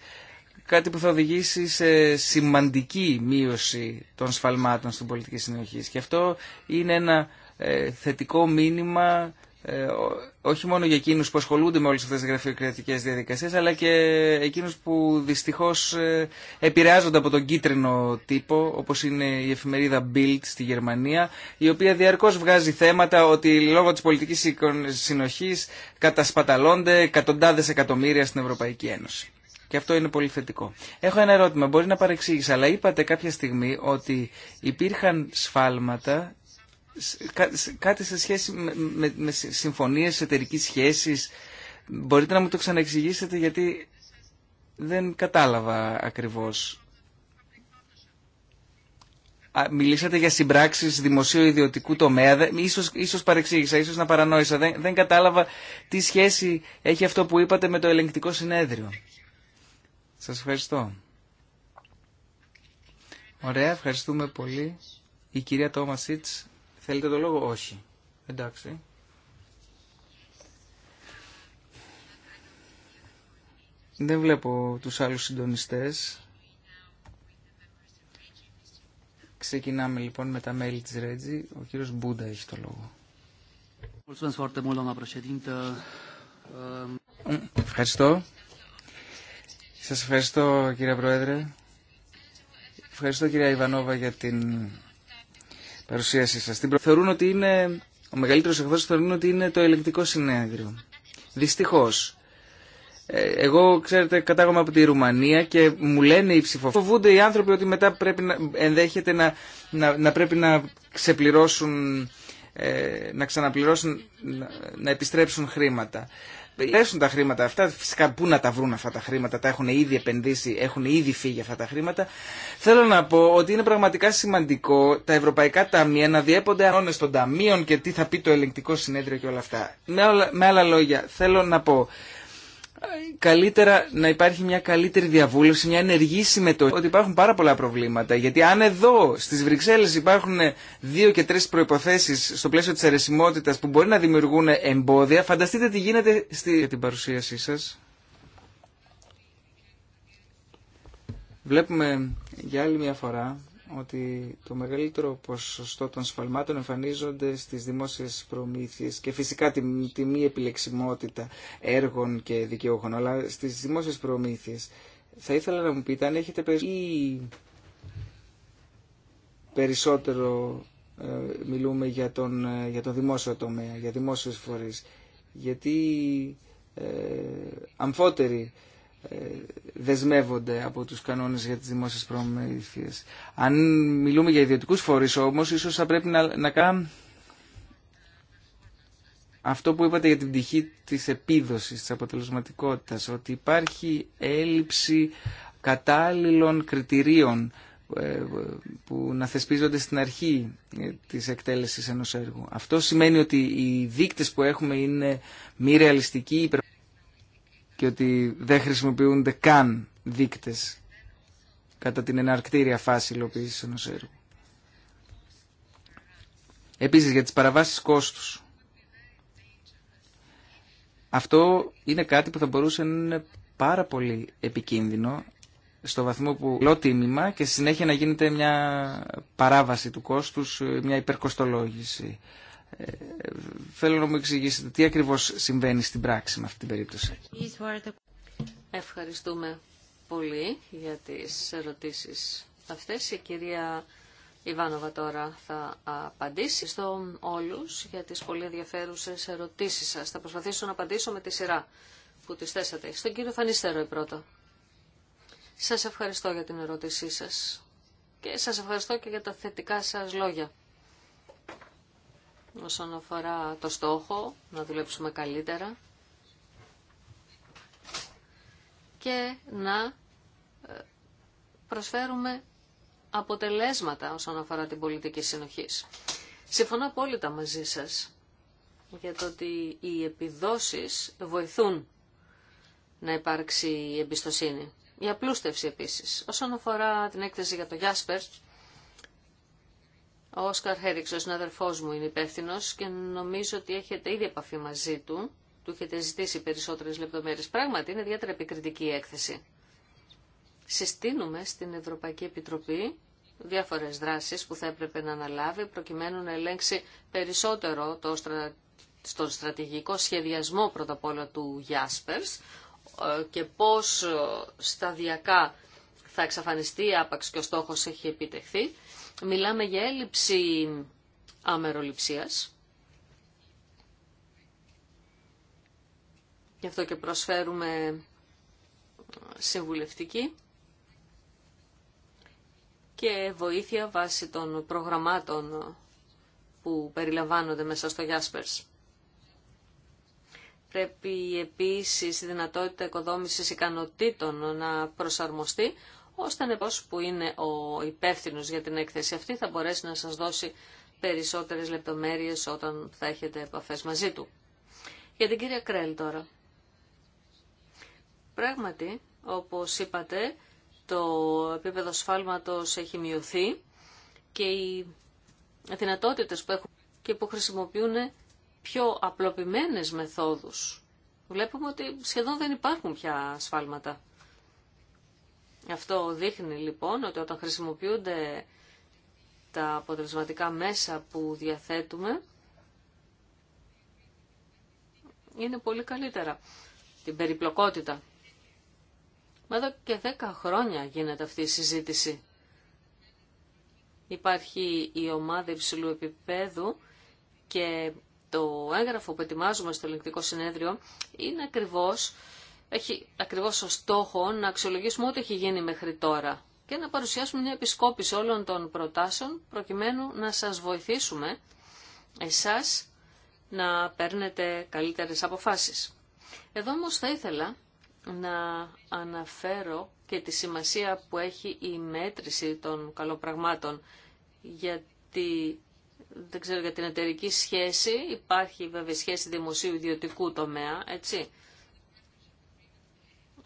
κάτι που θα οδηγήσει σε σημαντική μείωση των σφαλμάτων στην πολιτική συνοχή. Και αυτό είναι ένα ε, θετικό μήνυμα ε, όχι μόνο για εκείνου που ασχολούνται με όλες αυτέ τις γραφειοκρατικέ διαδικασίες αλλά και εκείνου που δυστυχώς ε, επηρεάζονται από τον κίτρινο τύπο όπως είναι η εφημερίδα Bild στη Γερμανία η οποία διαρκώς βγάζει θέματα ότι λόγω της πολιτικής συνοχής κατασπαταλώνται εκατοντάδε εκατομμύρια στην Ευρωπαϊκή Ένωση. Και αυτό είναι πολύ θετικό. Έχω ένα ερώτημα, μπορεί να παρεξήγησα, αλλά είπατε κάποια στιγμή ότι υπήρχαν σφάλματα κάτι σε σχέση με, με, με συμφωνίες εταιρικής σχέσης. Μπορείτε να μου το ξαναεξηγήσετε γιατί δεν κατάλαβα ακριβώς. Μιλήσατε για συμπράξεις δημοσίου-ιδιωτικού τομέα. Ίσως, ίσως παρεξήγησα, ίσως να παρανόησα. Δεν, δεν κατάλαβα τι σχέση έχει αυτό που είπατε με το ελεγκτικό συνέδριο. Σας ευχαριστώ. Ωραία, ευχαριστούμε πολύ. Η κυρία Τόμασίτς Θέλετε το λόγο, όχι. Εντάξει. Δεν βλέπω τους άλλους συντονιστές. Ξεκινάμε λοιπόν με τα μέλη της Ρέτζη. Ο κύριος Μπούντα έχει το λόγο. Ευχαριστώ. Σας ευχαριστώ κύριε Πρόεδρε. Ευχαριστώ κυρία Ιβανόβα για την παρουσίασή σας. ότι είναι, ο μεγαλύτερος εχθρός θεωρούν ότι είναι το ελεγκτικό συνέδριο. Δυστυχώς. Ε, εγώ, ξέρετε, κατάγομαι από τη Ρουμανία και μου λένε οι ψηφοφόροι. Φοβούνται οι άνθρωποι ότι μετά πρέπει να, ενδέχεται να, να, να πρέπει να ξεπληρώσουν, ε, να ξαναπληρώσουν, να, να επιστρέψουν χρήματα πέσουν τα χρήματα αυτά, φυσικά πού να τα βρουν αυτά τα χρήματα, τα έχουν ήδη επενδύσει, έχουν ήδη φύγει αυτά τα χρήματα. Θέλω να πω ότι είναι πραγματικά σημαντικό τα ευρωπαϊκά ταμεία να διέπονται ανώνες των ταμείων και τι θα πει το ελεγκτικό συνέδριο και όλα αυτά. Με, με άλλα λόγια, θέλω να πω καλύτερα να υπάρχει μια καλύτερη διαβούλευση, μια ενεργή συμμετοχή. Ότι υπάρχουν πάρα πολλά προβλήματα. Γιατί αν εδώ στι Βρυξέλλε υπάρχουν δύο και τρει προποθέσει στο πλαίσιο τη αρεσιμότητα που μπορεί να δημιουργούν εμπόδια, φανταστείτε τι γίνεται στη... την παρουσίασή σα. Βλέπουμε για άλλη μια φορά ότι το μεγαλύτερο ποσοστό των σφαλμάτων εμφανίζονται στις δημόσιες προμήθειες και φυσικά τη, τη μη επιλεξιμότητα έργων και δικαιούχων, αλλά στις δημόσιες προμήθειες. Θα ήθελα να μου πείτε αν έχετε περισσότερο ε, μιλούμε για τον, ε, για τον δημόσιο τομέα, για δημόσιες φορείς. Γιατί ε, αμφότεροι ε, δεσμεύονται από τους κανόνες για τις δημόσιες προμήθειες. Αν μιλούμε για ιδιωτικούς φορείς όμως, ίσως θα πρέπει να, να αυτό που είπατε για την πτυχή της επίδοσης, της αποτελεσματικότητας, ότι υπάρχει έλλειψη κατάλληλων κριτηρίων ε, που να θεσπίζονται στην αρχή ε, της εκτέλεσης ενός έργου. Αυτό σημαίνει ότι οι δείκτες που έχουμε είναι μη ρεαλιστικοί, και ότι δεν χρησιμοποιούνται καν δίκτες κατά την εναρκτήρια φάση υλοποίησης ενός έργου. Επίσης για τις παραβάσεις κόστους. Αυτό είναι κάτι που θα μπορούσε να είναι πάρα πολύ επικίνδυνο στο βαθμό που λέω τίμημα και συνέχεια να γίνεται μια παράβαση του κόστους, μια υπερκοστολόγηση. Ε, θέλω να μου εξηγήσετε τι ακριβώς συμβαίνει στην πράξη με αυτή την περίπτωση. Ευχαριστούμε πολύ για τις ερωτήσεις αυτές. Η κυρία Ιβάνοβα τώρα θα απαντήσει στο όλους για τις πολύ ενδιαφέρουσε ερωτήσεις σας. Θα προσπαθήσω να απαντήσω με τη σειρά που τις θέσατε. Στον κύριο Φανίστερο η πρώτα. Σας ευχαριστώ για την ερώτησή σας και σας ευχαριστώ και για τα θετικά σας λόγια όσον αφορά το στόχο, να δουλέψουμε καλύτερα και να ε, προσφέρουμε αποτελέσματα όσον αφορά την πολιτική συνοχής. Συμφωνώ απόλυτα μαζί σας για το ότι οι επιδόσεις βοηθούν να υπάρξει εμπιστοσύνη. Η απλούστευση επίσης. Όσον αφορά την έκθεση για το Γιάσπερ, ο Όσκαρ Χέριξ, ο συναδερφό μου, είναι υπεύθυνο και νομίζω ότι έχετε ήδη επαφή μαζί του. Του έχετε ζητήσει περισσότερε λεπτομέρειε, Πράγματι, είναι ιδιαίτερα επικριτική η έκθεση. Συστήνουμε στην Ευρωπαϊκή Επιτροπή διάφορε δράσει που θα έπρεπε να αναλάβει προκειμένου να ελέγξει περισσότερο το στον στρατηγικό σχεδιασμό πρώτα απ' όλα του Γιάσπερ ε, και πώς ε, σταδιακά θα εξαφανιστεί άπαξ και ο στόχο έχει επιτευχθεί Μιλάμε για έλλειψη αμεροληψίας. Γι' αυτό και προσφέρουμε ε, συμβουλευτική και βοήθεια βάσει των προγραμμάτων ε, που περιλαμβάνονται μέσα στο Γιάσπερς. Πρέπει επίσης η δυνατότητα οικοδόμησης ικανοτήτων να προσαρμοστεί, ώστε ανεπώς που είναι ο υπεύθυνο για την έκθεση αυτή θα μπορέσει να σας δώσει περισσότερες λεπτομέρειες όταν θα έχετε επαφές μαζί του. Για την κυρία Κρέλ τώρα. Πράγματι, όπως είπατε, το επίπεδο σφάλματος έχει μειωθεί και οι δυνατότητες που έχουν και που χρησιμοποιούν πιο απλοποιημένες μεθόδους. Βλέπουμε ότι σχεδόν δεν υπάρχουν πια σφάλματα. Αυτό δείχνει λοιπόν ότι όταν χρησιμοποιούνται τα αποτελεσματικά μέσα που διαθέτουμε είναι πολύ καλύτερα. Την περιπλοκότητα. Εδώ και 10 χρόνια γίνεται αυτή η συζήτηση. Υπάρχει η ομάδα υψηλού επίπεδου και το έγγραφο που ετοιμάζουμε στο ελεγκτικό συνέδριο είναι ακριβώς έχει ακριβώς ως στόχο να αξιολογήσουμε ό,τι έχει γίνει μέχρι τώρα και να παρουσιάσουμε μια επισκόπηση όλων των προτάσεων προκειμένου να σας βοηθήσουμε εσάς να παίρνετε καλύτερες αποφάσεις. Εδώ όμως θα ήθελα να αναφέρω και τη σημασία που έχει η μέτρηση των καλοπραγμάτων γιατί δεν ξέρω για την εταιρική σχέση υπάρχει βέβαια σχέση δημοσίου ιδιωτικού τομέα έτσι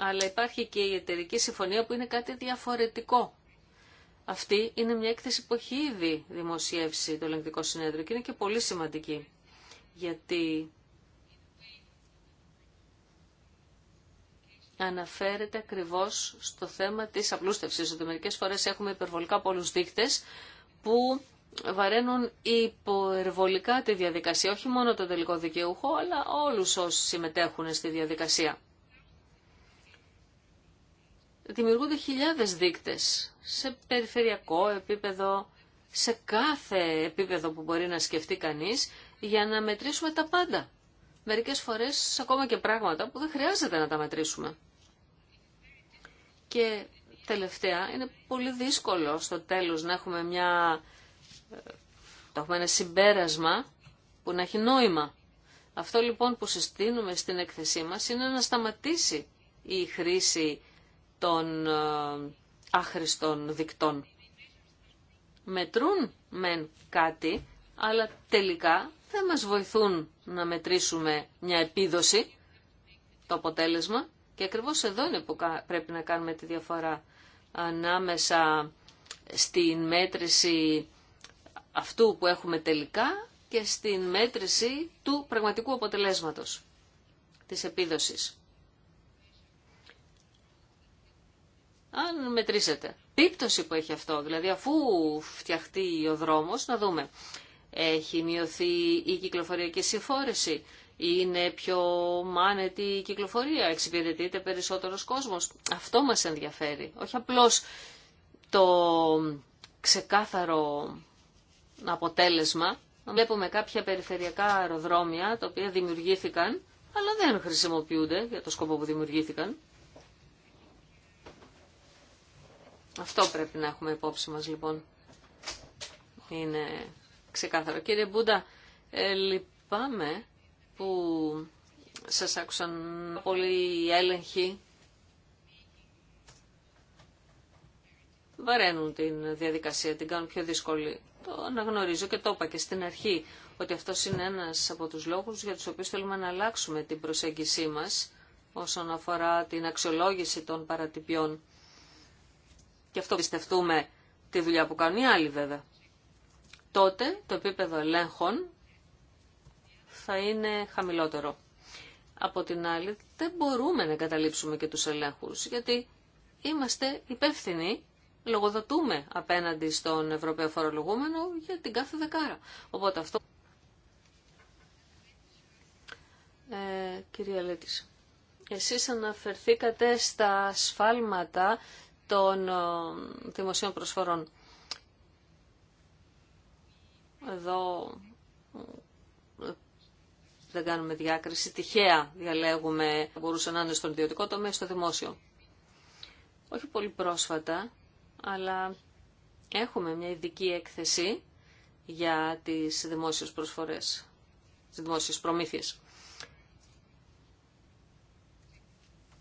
αλλά υπάρχει και η εταιρική συμφωνία που είναι κάτι διαφορετικό. Αυτή είναι μια έκθεση που έχει ήδη δημοσιεύσει το ελεγκτικό συνέδριο και είναι και πολύ σημαντική. Γιατί αναφέρεται ακριβώς στο θέμα της απλούστευσης, ότι μερικές φορές έχουμε υπερβολικά πολλούς δείκτες που βαραίνουν υπερβολικά τη διαδικασία, όχι μόνο το τελικό δικαιούχο, αλλά όλους όσοι συμμετέχουν στη διαδικασία δημιουργούνται χιλιάδες δείκτες σε περιφερειακό επίπεδο, σε κάθε επίπεδο που μπορεί να σκεφτεί κανείς για να μετρήσουμε τα πάντα. Μερικές φορές ακόμα και πράγματα που δεν χρειάζεται να τα μετρήσουμε. Και τελευταία είναι πολύ δύσκολο στο τέλος να έχουμε μια το έχουμε ένα συμπέρασμα που να έχει νόημα. Αυτό λοιπόν που συστήνουμε στην έκθεσή μας είναι να σταματήσει η χρήση των ε, άχρηστων δικτών. Μετρούν μεν κάτι, αλλά τελικά δεν μας βοηθούν να μετρήσουμε μια επίδοση, το αποτέλεσμα. Και ακριβώς εδώ είναι που πρέπει να κάνουμε τη διαφορά ανάμεσα στην μέτρηση αυτού που έχουμε τελικά και στην μέτρηση του πραγματικού αποτελέσματος της επίδοσης. αν μετρήσετε. Πίπτωση που έχει αυτό, δηλαδή αφού φτιαχτεί ο δρόμος, να δούμε. Έχει μειωθεί η κυκλοφοριακή συμφόρηση, είναι πιο μάνετη η κυκλοφορία, εξυπηρετείται περισσότερος κόσμος. Αυτό μας ενδιαφέρει, όχι απλώς το ξεκάθαρο αποτέλεσμα. Βλέπουμε κάποια περιφερειακά αεροδρόμια, τα οποία δημιουργήθηκαν, αλλά δεν χρησιμοποιούνται για το σκοπό που δημιουργήθηκαν. Αυτό πρέπει να έχουμε υπόψη μας λοιπόν. Είναι ξεκάθαρο. Κύριε Μπούντα, ε, λυπάμαι που σας άκουσαν πολύ έλεγχοι. Βαραίνουν την διαδικασία, την κάνουν πιο δύσκολη. Το αναγνωρίζω και το είπα και στην αρχή ότι αυτό είναι ένας από τους λόγους για τους οποίους θέλουμε να αλλάξουμε την προσέγγισή μας όσον αφορά την αξιολόγηση των παρατυπιών και αυτό πιστευτούμε τη δουλειά που κάνουν οι άλλοι βέβαια, τότε το επίπεδο ελέγχων θα είναι χαμηλότερο. Από την άλλη, δεν μπορούμε να καταλήψουμε και τους ελέγχους, γιατί είμαστε υπεύθυνοι, λογοδοτούμε απέναντι στον Ευρωπαίο Φορολογούμενο για την κάθε δεκάρα. Οπότε αυτό... Ε, κυρία Λέτης, εσείς αναφερθήκατε στα σφάλματα των ε, δημοσίων προσφορών. Εδώ ε, δεν κάνουμε διάκριση. Τυχαία διαλέγουμε, μπορούσε να είναι στον ιδιωτικό τομέα, στο δημόσιο. Όχι πολύ πρόσφατα, αλλά έχουμε μια ειδική έκθεση για τις δημόσιες προσφορές, τις δημόσιες προμήθειες.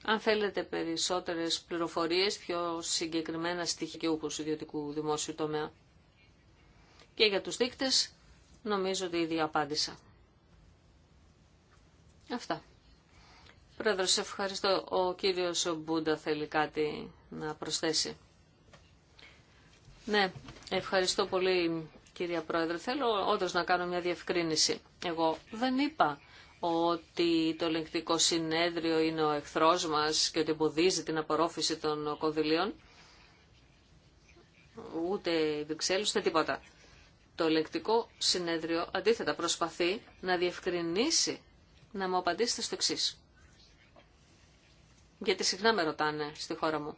Αν θέλετε περισσότερες πληροφορίες, πιο συγκεκριμένα στοιχειούχους ιδιωτικού δημόσιου τομέα. Και για τους δείκτες, νομίζω ότι ήδη απάντησα. Αυτά. Πρόεδρο, σε ευχαριστώ. Ο κύριος Μπούντα θέλει κάτι να προσθέσει. Ναι, ευχαριστώ πολύ κυρία Πρόεδρε. Θέλω όντω να κάνω μια διευκρίνηση. Εγώ δεν είπα ότι το ελεγκτικό συνέδριο είναι ο εχθρός μας και ότι εμποδίζει την απορρόφηση των κονδυλίων. Ούτε οι ούτε τίποτα. Το ελεγκτικό συνέδριο αντίθετα προσπαθεί να διευκρινίσει, να μου απαντήσετε στο εξή. Γιατί συχνά με ρωτάνε στη χώρα μου.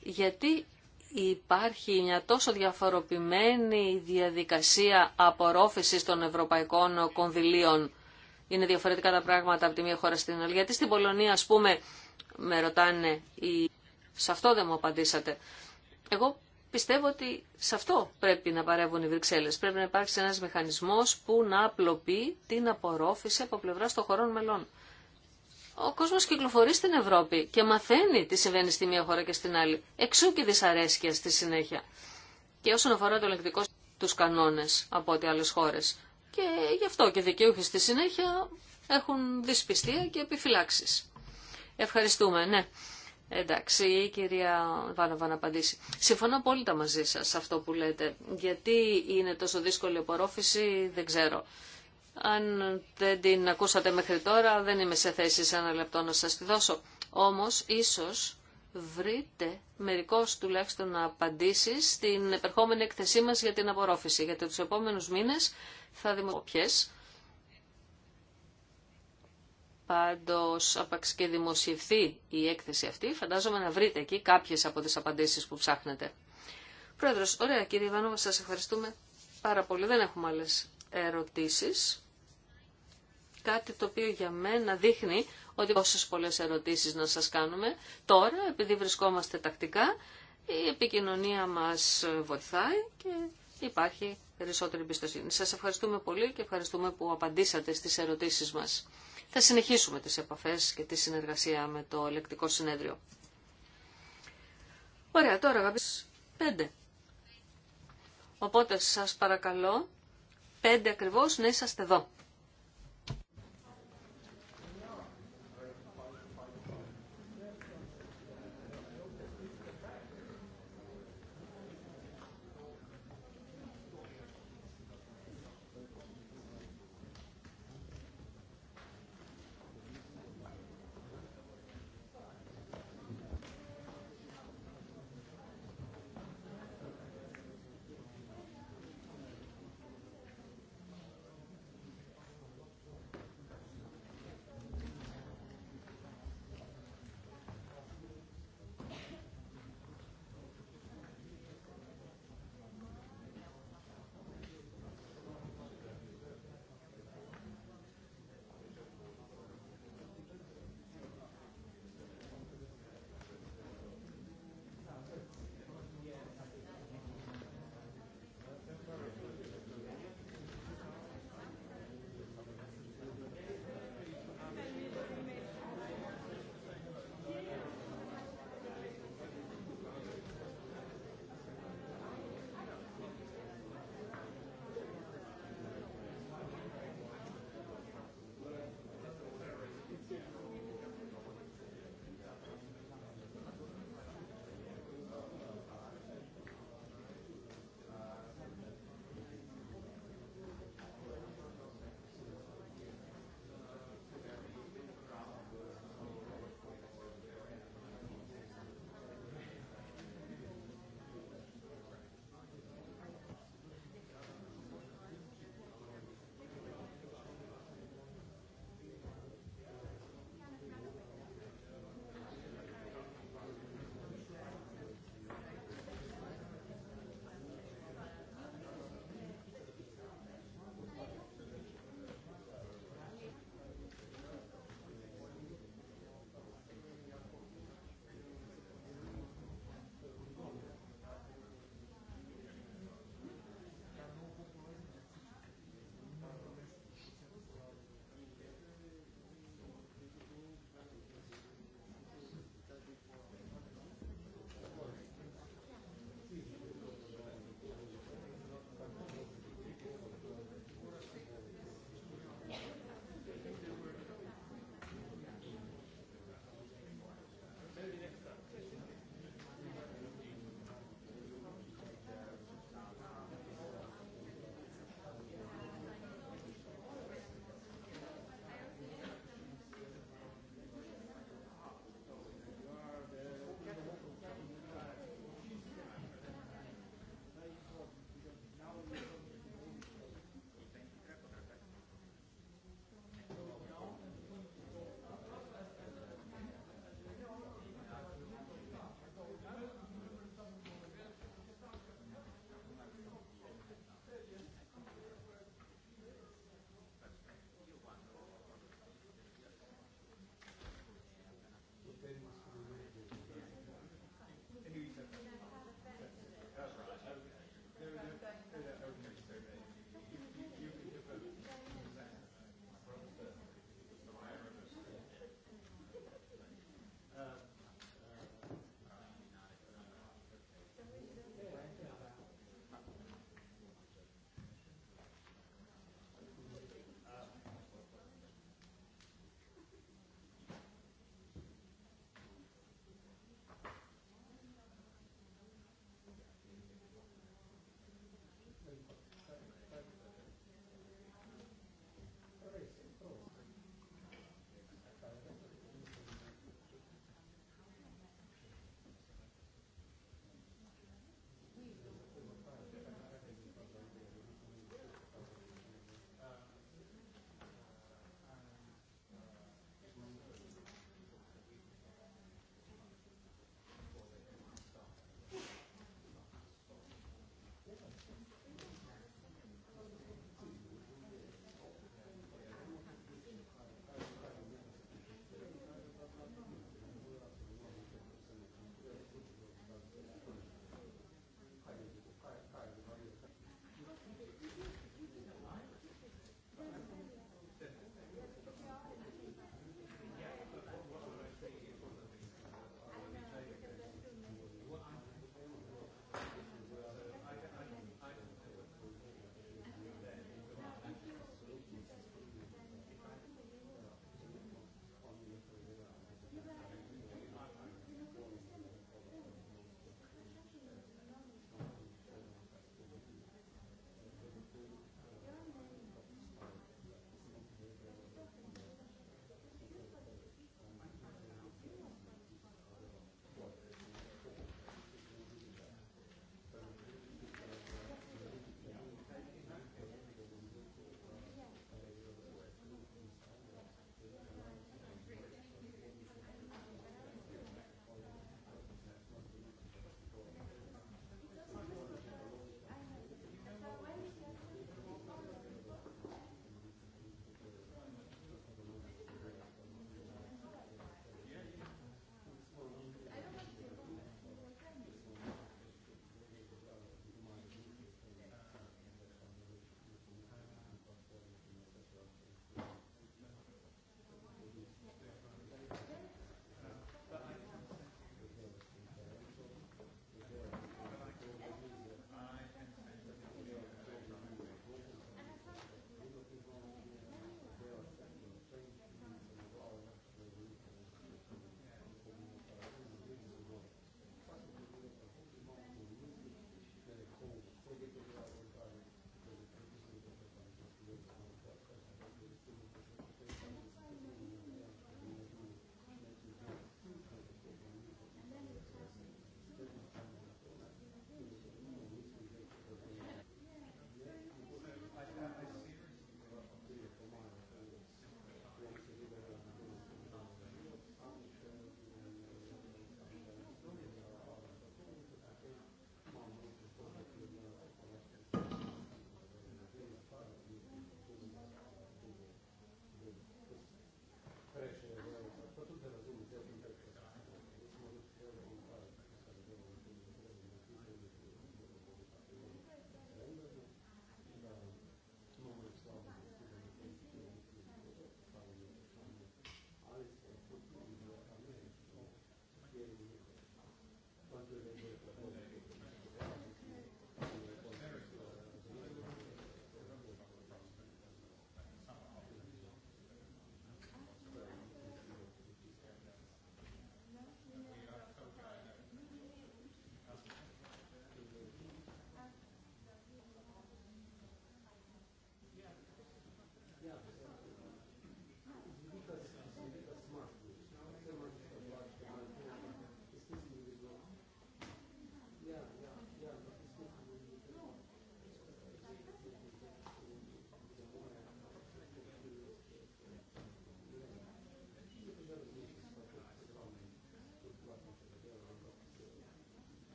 Γιατί υπάρχει μια τόσο διαφοροποιημένη διαδικασία απορρόφησης των ευρωπαϊκών κονδυλίων είναι διαφορετικά τα πράγματα από τη μία χώρα στην άλλη. Γιατί στην Πολωνία, α πούμε, με ρωτάνε, ή σε αυτό δεν μου απαντήσατε. Εγώ πιστεύω ότι σε αυτό πρέπει να παρεύουν οι Βρυξέλλες. Πρέπει να υπάρξει ένα μηχανισμό που να απλοποιεί την απορρόφηση από πλευρά των χωρών μελών. Ο κόσμο κυκλοφορεί στην Ευρώπη και μαθαίνει τι συμβαίνει στη μία χώρα και στην άλλη. Εξού και δυσαρέσκεια στη συνέχεια. Και όσον αφορά το ελεγκτικό του κανόνε από ό,τι άλλε χώρε. Και γι' αυτό και δικαιούχοι στη συνέχεια έχουν δυσπιστία και επιφυλάξει. Ευχαριστούμε, ναι. Εντάξει, η κυρία Βάναβα να απαντήσει. Συμφωνώ απόλυτα μαζί σας αυτό που λέτε. Γιατί είναι τόσο δύσκολη η απορρόφηση, δεν ξέρω. Αν δεν την ακούσατε μέχρι τώρα, δεν είμαι σε θέση σε ένα λεπτό να σας τη δώσω. Όμως, ίσως, βρείτε μερικώς τουλάχιστον απαντήσεις στην επερχόμενη εκθεσή μας για την απορρόφηση. Γιατί τους επόμενους μήνες θα Πάντως, άπαξ και δημοσιευθεί η έκθεση αυτή, φαντάζομαι να βρείτε εκεί κάποιες από τις απαντήσεις που ψάχνετε. Πρόεδρος, ωραία κύριε Ιβάνοβα, σας ευχαριστούμε πάρα πολύ. Δεν έχουμε άλλες ερωτήσεις. Κάτι το οποίο για μένα δείχνει ότι όσε πολλές ερωτήσεις να σας κάνουμε. Τώρα, επειδή βρισκόμαστε τακτικά, η επικοινωνία μας βοηθάει και υπάρχει περισσότερη εμπιστοσύνη. Σας ευχαριστούμε πολύ και ευχαριστούμε που απαντήσατε στις ερωτήσεις μας. Θα συνεχίσουμε τις επαφές και τη συνεργασία με το ελεκτικό συνέδριο. Ωραία, τώρα αγαπητοί, πέντε. Οπότε σας παρακαλώ, πέντε ακριβώς να είσαστε εδώ.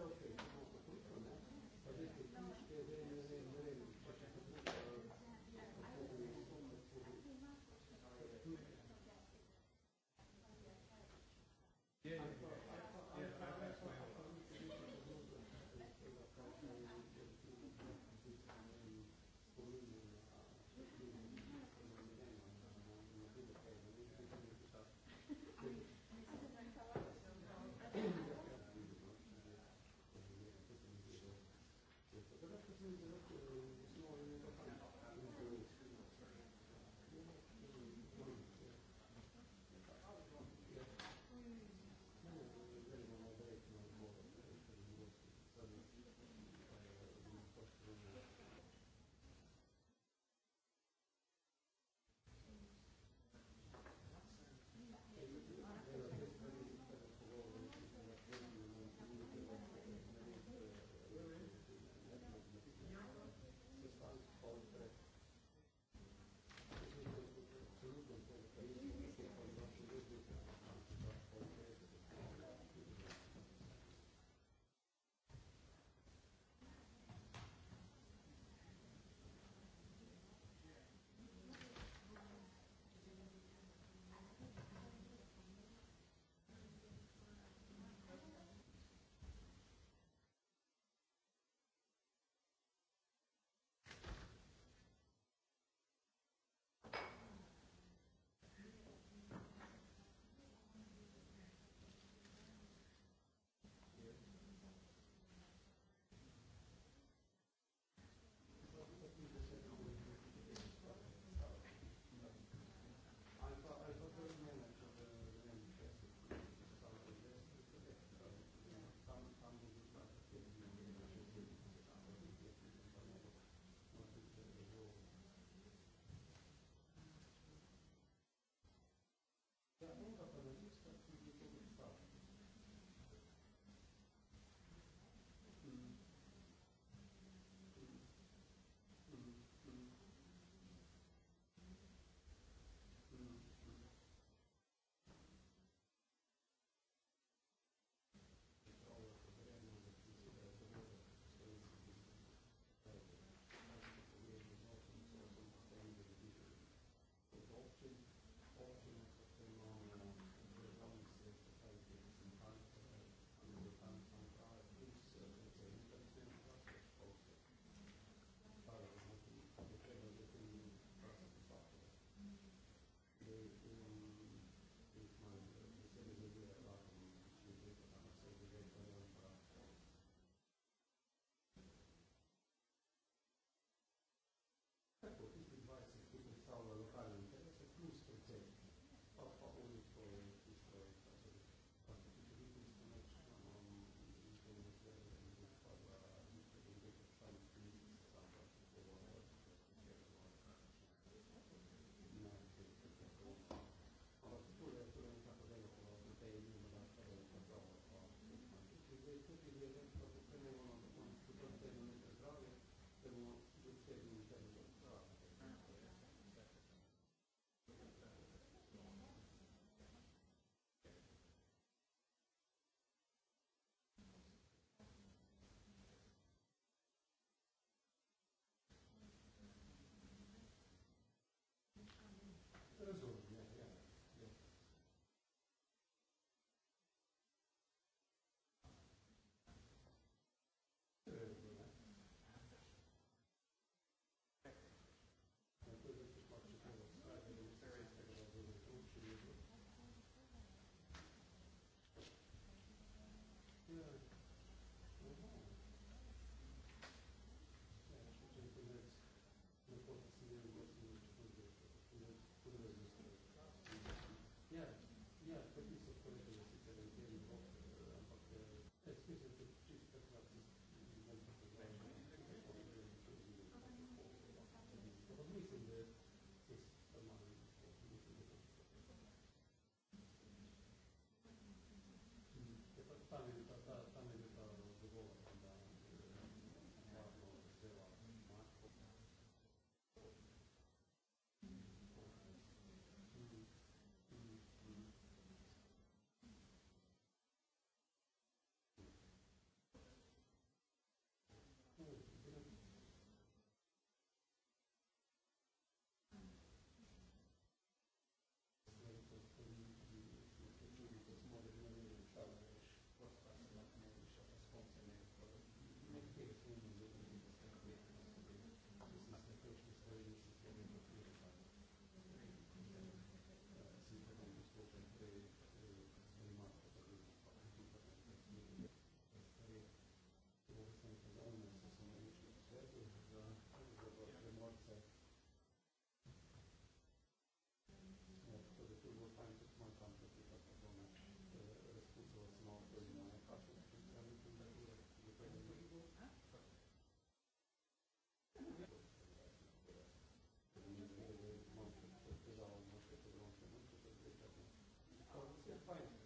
Thank you. Πάλι Ευχαριστώ.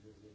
Thank you.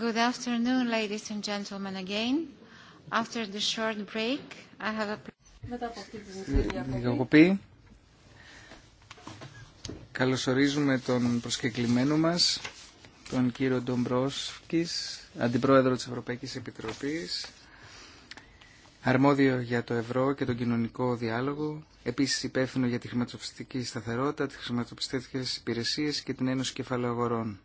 Good afternoon, ladies and gentlemen, again. After the short break, I have a... Μετά από αυτή τη ε, διακοπή, καλωσορίζουμε τον προσκεκλημένο μας, τον κύριο Ντομπρόσκης, Αντιπρόεδρο της Ευρωπαϊκής Επιτροπής, αρμόδιο για το ευρώ και τον κοινωνικό διάλογο, επίσης υπεύθυνο για τη χρηματοπιστική σταθερότητα, τις χρηματοπιστικές υπηρεσίες και την Ένωση Κεφαλαίου Αγορών.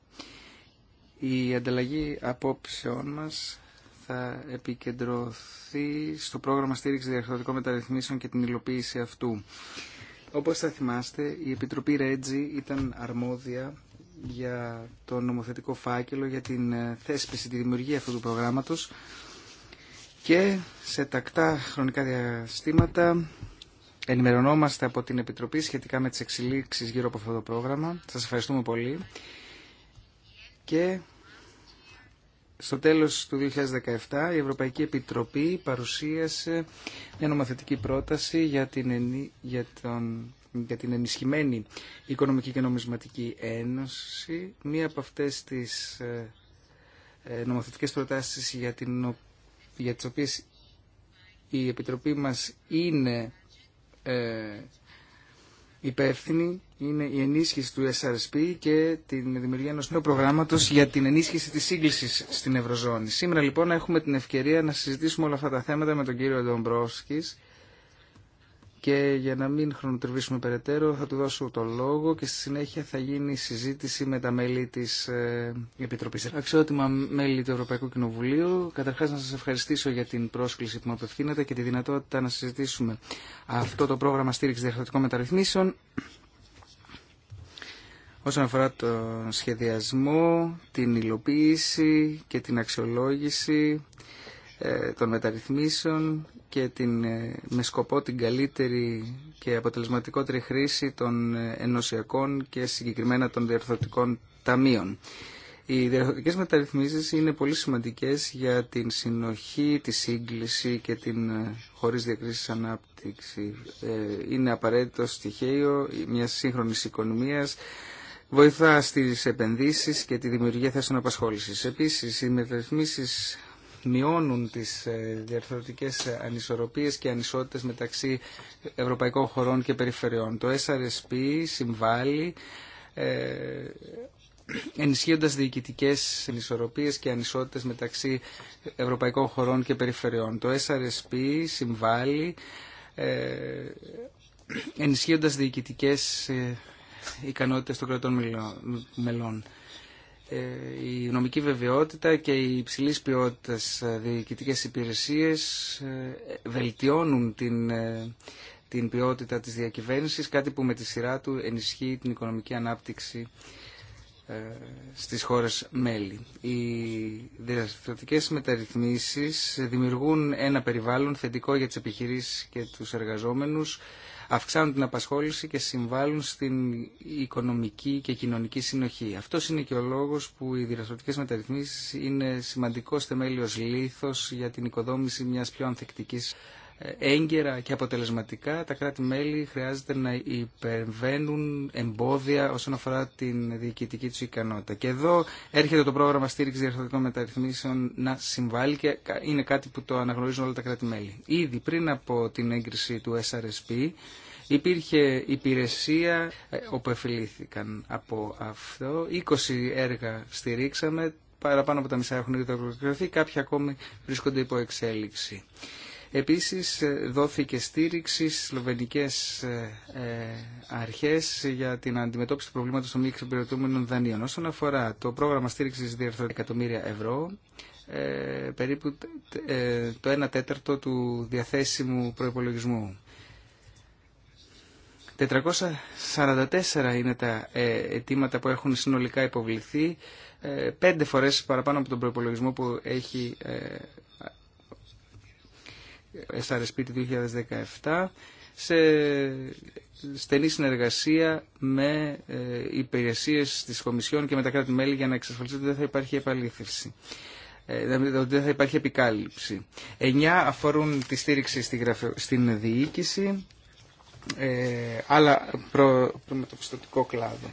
Η ανταλλαγή απόψεών μας θα επικεντρωθεί στο πρόγραμμα στήριξης διαρθρωτικών μεταρρυθμίσεων και την υλοποίηση αυτού. Όπως θα θυμάστε, η Επιτροπή Ρέτζι ήταν αρμόδια για το νομοθετικό φάκελο, για την ε, θέσπιση, τη δημιουργία αυτού του προγράμματος και σε τακτά χρονικά διαστήματα ενημερωνόμαστε από την Επιτροπή σχετικά με τις εξελίξεις γύρω από αυτό το πρόγραμμα. Σας ευχαριστούμε πολύ. Και στο τέλος του 2017 η Ευρωπαϊκή Επιτροπή παρουσίασε μια νομοθετική πρόταση για την, για τον, για την ενισχυμένη Οικονομική και Νομισματική Ένωση. Μία από αυτές τις ε, ε, νομοθετικές προτάσεις για, την, για τις οποίες η Επιτροπή μας είναι ε, υπεύθυνη είναι η ενίσχυση του SRSP και τη δημιουργία ενός νέου προγράμματος για την ενίσχυση της σύγκλησης στην Ευρωζώνη. Σήμερα λοιπόν έχουμε την ευκαιρία να συζητήσουμε όλα αυτά τα θέματα με τον κύριο Ντομπρόσκης και για να μην χρονοτριβήσουμε περαιτέρω θα του δώσω το λόγο και στη συνέχεια θα γίνει συζήτηση με τα μέλη της ε, Επιτροπής. Αξιότιμα μέλη του Ευρωπαϊκού Κοινοβουλίου, καταρχάς να σας ευχαριστήσω για την πρόσκληση που μου απευθύνατε και τη δυνατότητα να συζητήσουμε αυτό το πρόγραμμα στήριξη διαρθρωτικών μεταρρυθμίσεων όσον αφορά τον σχεδιασμό, την υλοποίηση και την αξιολόγηση ε, των μεταρρυθμίσεων και την, ε, με σκοπό την καλύτερη και αποτελεσματικότερη χρήση των ε, ενωσιακών και συγκεκριμένα των διαρθρωτικών ταμείων. Οι διαρθρωτικές μεταρρυθμίσεις είναι πολύ σημαντικές για την συνοχή, τη σύγκληση και την χωρίς διακρίσεις ανάπτυξη. Είναι απαραίτητο στοιχείο μιας σύγχρονης οικονομία βοηθά στις επενδύσει και τη δημιουργία θέσεων απασχόληση. Επίση, οι μεταρρυθμίσει μειώνουν τις ε, διαρθρωτικές ε, ανισορροπίες και ανισότητες μεταξύ ευρωπαϊκών χωρών και περιφερειών. Το SRSP συμβάλλει ε, ενισχύοντας διοικητικές ανισορροπίες και ανισότητες μεταξύ ευρωπαϊκών χωρών και περιφερειών. Το SRSP συμβάλλει ενισχύοντας διοικητικές ικανότητες των κρατών μελών. Ε, η νομική βεβαιότητα και οι υψηλή ποιότητα ε, διοικητικέ υπηρεσίες ε, βελτιώνουν την, την ποιότητα της διακυβέρνησης, κάτι που με τη σειρά του ενισχύει την οικονομική ανάπτυξη στις χώρες μέλη. Οι διευθυντικές μεταρρυθμίσεις δημιουργούν ένα περιβάλλον θετικό για τις επιχειρήσεις και τους εργαζόμενους, αυξάνουν την απασχόληση και συμβάλλουν στην οικονομική και κοινωνική συνοχή. Αυτό είναι και ο λόγο που οι διαστροτικές μεταρρυθμίσει είναι σημαντικός θεμέλιος λήθος για την οικοδόμηση μια πιο ανθεκτικής ε, έγκαιρα και αποτελεσματικά τα κράτη-μέλη χρειάζεται να υπερβαίνουν εμπόδια όσον αφορά την διοικητική του ικανότητα. Και εδώ έρχεται το πρόγραμμα στήριξη διαρθρωτικών μεταρρυθμίσεων να συμβάλλει και είναι κάτι που το αναγνωρίζουν όλα τα κράτη-μέλη. Ήδη πριν από την έγκριση του SRSP Υπήρχε υπηρεσία ε, όπου εφηλήθηκαν από αυτό. 20 έργα στηρίξαμε, παραπάνω από τα μισά έχουν ολοκληρωθεί, κάποια ακόμη βρίσκονται υπό εξέλιξη. Επίσης ε, δόθηκε στήριξη στις σλοβενικές ε, αρχές για την αντιμετώπιση του προβλήματος των μη εξυπηρετούμενων δανείων. Όσον αφορά το πρόγραμμα στήριξης διερθών εκατομμύρια ευρώ, περίπου το 1 τέταρτο του διαθέσιμου προϋπολογισμού. 444 είναι τα ε, αιτήματα που έχουν συνολικά υποβληθεί, ε, πέντε φορές παραπάνω από τον προϋπολογισμό που έχει ε, SRSP του 2017 σε στενή συνεργασία με ε, υπηρεσίες της Κομισιόν και με τα κράτη-μέλη για να εξασφαλίσουν ότι δεν θα υπάρχει επαλήθευση. δεν θα υπάρχει επικάλυψη. Εννιά αφορούν τη στήριξη στη γραφε... στην διοίκηση άλλα ε, προ, πιστοτικό κλάδο.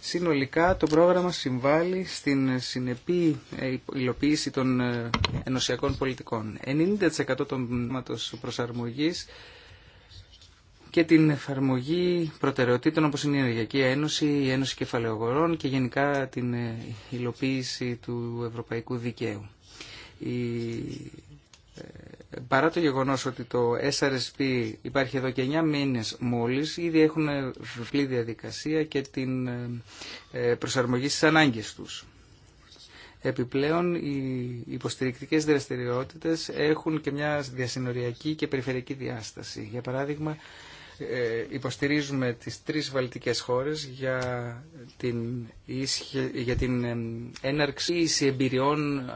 Συνολικά το πρόγραμμα συμβάλλει στην συνεπή ε, υλοποίηση των ε, ενωσιακών πολιτικών. 90% των πνεύματος προσαρμογής και την εφαρμογή προτεραιοτήτων όπως είναι η Ενεργειακή Ένωση, η Ένωση Κεφαλαιογορών και γενικά την υλοποίηση του Ευρωπαϊκού Δικαίου. Η παρά το γεγονό ότι το SRSP υπάρχει εδώ και 9 μήνες μόλις, ήδη έχουν βλή διαδικασία και την ε, προσαρμογή στι ανάγκε τους. Επιπλέον, οι υποστηρικτικές δραστηριότητες έχουν και μια διασυνοριακή και περιφερειακή διάσταση. Για παράδειγμα, ε, υποστηρίζουμε τις τρεις βαλτικές χώρες για την, για την ε, έναρξη εμπειριών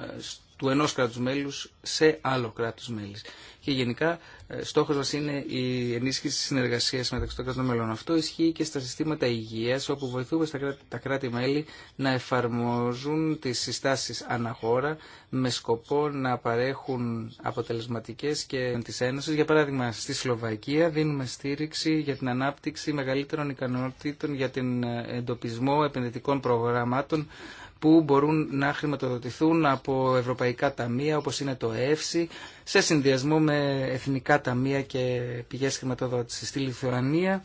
του ενός κράτους μέλους σε άλλο κράτος μέλης. Και γενικά ε, στόχος μας είναι η ενίσχυση της συνεργασίας μεταξύ των κρατών μελών. Αυτό ισχύει και στα συστήματα υγείας όπου βοηθούμε στα κράτη, τα κράτη-μέλη να εφαρμόζουν τις συστάσεις αναχώρα με σκοπό να παρέχουν αποτελεσματικές και τις Ένωσης. Για παράδειγμα στη Σλοβακία δίνουμε στήριξη για την ανάπτυξη μεγαλύτερων ικανότητων για την ε, εντοπισμό επενδυτικών προγραμμάτων που μπορούν να χρηματοδοτηθούν από ευρωπαϊκά ταμεία όπως είναι το ΕΦΣΙ, σε συνδυασμό με εθνικά ταμεία και πηγές χρηματοδότησης στη Λιθουανία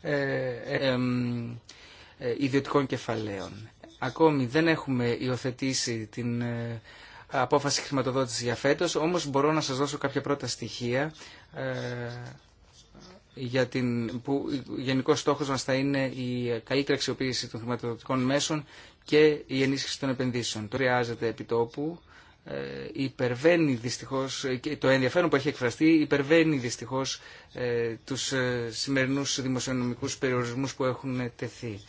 ε, ε, ε, ε ιδιωτικών κεφαλαίων. Ακόμη δεν έχουμε υιοθετήσει την ε, απόφαση χρηματοδότησης για φέτος, όμως μπορώ να σας δώσω κάποια πρώτα στοιχεία για την, που γενικός στόχος μας θα είναι η καλύτερη αξιοποίηση των χρηματοδοτικών μέσων και η ενίσχυση των επενδύσεων. Το χρειάζεται Ε, υπερβαίνει δυστυχώς, το ενδιαφέρον που έχει εκφραστεί υπερβαίνει δυστυχώς ε, τους ε, σημερινούς δημοσιονομικούς περιορισμούς που έχουν τεθεί.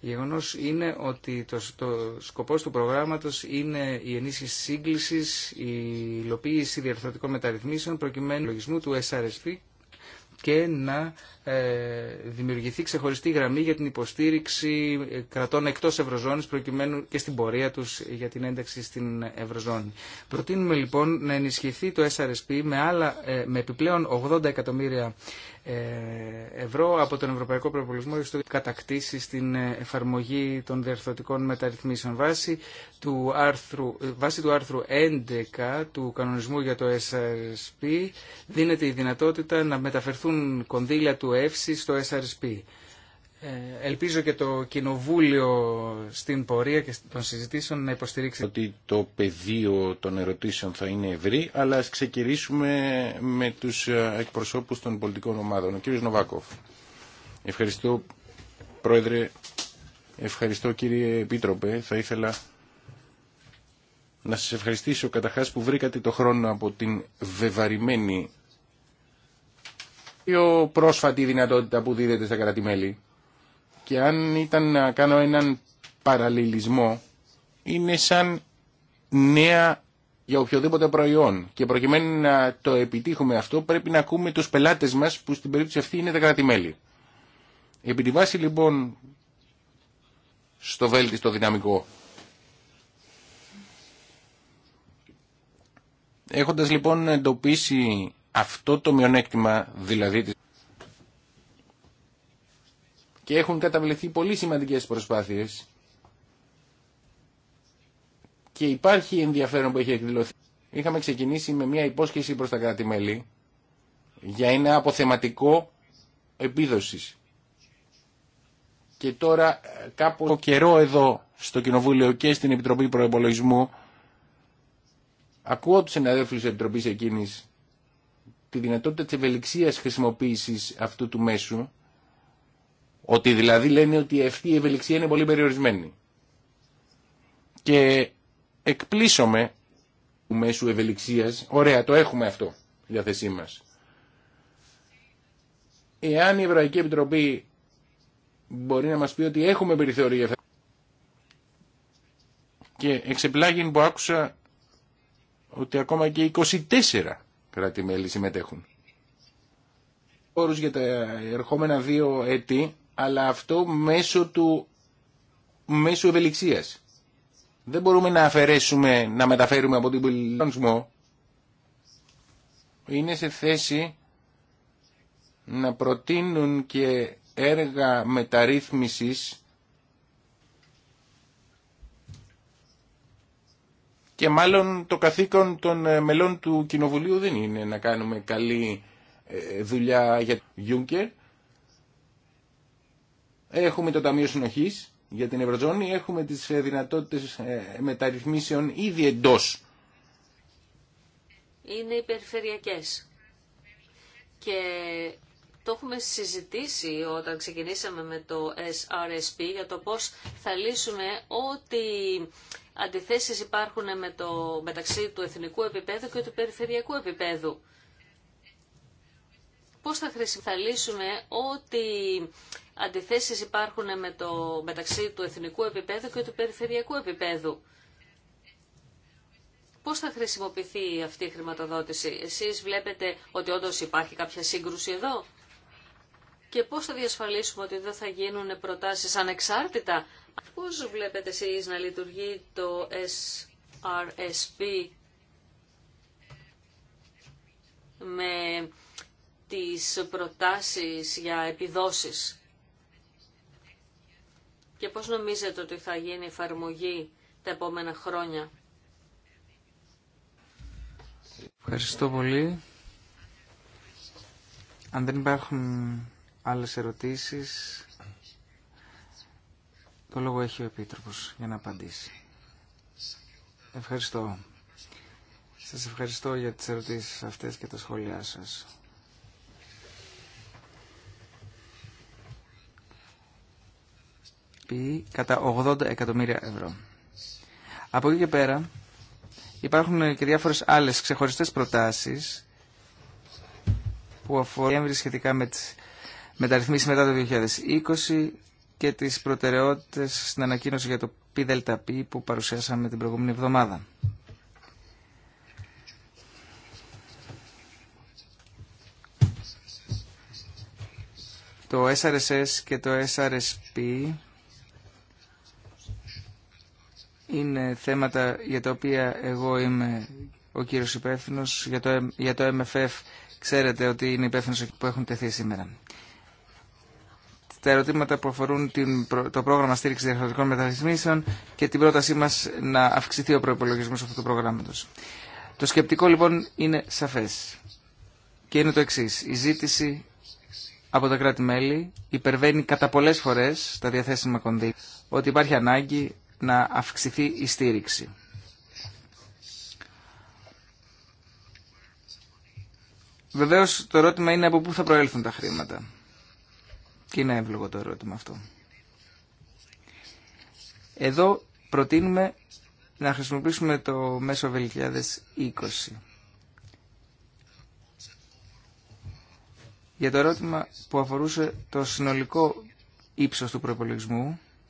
Γεγονό είναι ότι το, το σκοπός του προγράμματος είναι η ενίσχυση σύγκλησης, η υλοποίηση διαρθρωτικών μεταρρυθμίσεων προκειμένου λογισμού του SRSP και να ε, δημιουργηθεί ξεχωριστή γραμμή για την υποστήριξη κρατών εκτός Ευρωζώνης προκειμένου και στην πορεία τους για την ένταξη στην Ευρωζώνη. Προτείνουμε λοιπόν να ενισχυθεί το SRSP με, άλλα, ε, με επιπλέον 80 εκατομμύρια ε, ευρώ από τον Ευρωπαϊκό Προπολισμό για το κατακτήσει στην εφαρμογή των διαρθρωτικών μεταρρυθμίσεων. Βάσει του άρθρου, βάση του άρθρου 11 του κανονισμού για το SRSP δίνεται η δυνατότητα να μεταφερθούν κονδύλια του στο SRSP. Ε, ελπίζω και το Κοινοβούλιο στην πορεία και των συζητήσεων να υποστηρίξει. Ότι το πεδίο των ερωτήσεων θα είναι ευρύ, αλλά ας ξεκινήσουμε με τους ε, εκπροσώπους των πολιτικών ομάδων. Ο κύριος Νοβάκοφ. Ευχαριστώ, Πρόεδρε. Ευχαριστώ, κύριε Επίτροπε. Θα ήθελα να σας ευχαριστήσω καταρχάς που βρήκατε το χρόνο από την βεβαρημένη πιο πρόσφατη δυνατότητα που δίδεται στα κράτη-μέλη. Και αν ήταν να κάνω έναν παραλληλισμό, είναι σαν νέα για οποιοδήποτε προϊόν. Και προκειμένου να το επιτύχουμε αυτό, πρέπει να ακούμε τους πελάτες μας, που στην περίπτωση αυτή είναι τα κράτη-μέλη. Επί τη βάση λοιπόν στο βέλτιστο δυναμικό. Έχοντας λοιπόν εντοπίσει αυτό το μειονέκτημα δηλαδή και έχουν καταβληθεί πολύ σημαντικές προσπάθειες και υπάρχει ενδιαφέρον που έχει εκδηλωθεί. Είχαμε ξεκινήσει με μια υπόσχεση προς τα κράτη-μέλη για ένα αποθεματικό επίδοσης. Και τώρα κάπου καιρό εδώ στο Κοινοβούλιο και στην Επιτροπή Προεπολογισμού ακούω τους συναδέλφους της Επιτροπής εκείνης τη δυνατότητα της ευελιξίας χρησιμοποίησης αυτού του μέσου, ότι δηλαδή λένε ότι αυτή η ευελιξία είναι πολύ περιορισμένη. Και εκπλήσωμε του μέσου ευελιξίας, ωραία το έχουμε αυτό η διάθεσή μας. Εάν η Ευρωπαϊκή Επιτροπή μπορεί να μας πει ότι έχουμε περιθώρια και εξεπλάγει που άκουσα ότι ακόμα και 24 κράτη-μέλη συμμετέχουν. Όρους για τα ερχόμενα δύο έτη, αλλά αυτό μέσω του μέσω ευελιξίας. Δεν μπορούμε να αφαιρέσουμε, να μεταφέρουμε από την πολιτισμό. Είναι σε θέση να προτείνουν και έργα μεταρρύθμισης Και μάλλον το καθήκον των ε, μελών του Κοινοβουλίου δεν είναι να κάνουμε καλή ε, δουλειά για το Γιούγκερ. Έχουμε το Ταμείο Συνοχής για την Ευρωζώνη, έχουμε τις ε, δυνατότητες μεταρρυθμίσεων ήδη εντός. Είναι οι περιφερειακές. Και το έχουμε συζητήσει όταν ξεκινήσαμε με το SRSP για το πώς θα λύσουμε ό,τι αντιθέσεις υπάρχουν με το, μεταξύ του εθνικού επίπεδου και του περιφερειακού επίπεδου. Πώς θα χρησιμοποιήσουμε ότι αντιθέσεις υπάρχουν με το, μεταξύ του εθνικού επίπεδου και του περιφερειακού επίπεδου. Πώς θα χρησιμοποιηθεί αυτή η χρηματοδότηση. Εσείς βλέπετε ότι όντως υπάρχει κάποια σύγκρουση εδώ. Και πώς θα διασφαλίσουμε ότι δεν θα γίνουν προτάσεις ανεξάρτητα Πώς βλέπετε εσείς να λειτουργεί το SRSP με τις προτάσεις για επιδόσεις και πώς νομίζετε ότι θα γίνει η εφαρμογή τα επόμενα χρόνια. Ευχαριστώ πολύ. Αν δεν υπάρχουν άλλες ερωτήσεις, το λόγο έχει ο Επίτροπος για να απαντήσει. Ευχαριστώ. Σας ευχαριστώ για τις ερωτήσεις αυτές και τα σχόλιά σας. Ποιή κατά 80 εκατομμύρια ευρώ. Από εκεί και πέρα υπάρχουν και διάφορες άλλες ξεχωριστές προτάσεις που αφορούν σχετικά με τις μεταρρυθμίσει μετά το 2020 και τις προτεραιότητες στην ανακοίνωση για το ΠΔΠ που παρουσιάσαμε την προηγούμενη εβδομάδα. Το SRSS και το SRSP είναι θέματα για τα οποία εγώ είμαι ο κύριος υπεύθυνο για το, για το MFF ξέρετε ότι είναι υπεύθυνο που έχουν τεθεί σήμερα τα ερωτήματα που αφορούν την, το πρόγραμμα στήριξη διαχρονικών μεταρρυθμίσεων και την πρότασή μα να αυξηθεί ο προπολογισμό αυτού του προγράμματο. Το σκεπτικό λοιπόν είναι σαφέ και είναι το εξή. Η ζήτηση από τα κράτη-μέλη υπερβαίνει κατά πολλέ φορέ τα διαθέσιμα κονδύλια, ότι υπάρχει ανάγκη να αυξηθεί η στήριξη. Βεβαίως το ερώτημα είναι από πού θα προέλθουν τα χρήματα. Και είναι εύλογο το ερώτημα αυτό. Εδώ προτείνουμε να χρησιμοποιήσουμε το μέσο 2020. Για το ερώτημα που αφορούσε το συνολικό ύψος του προπολογισμού,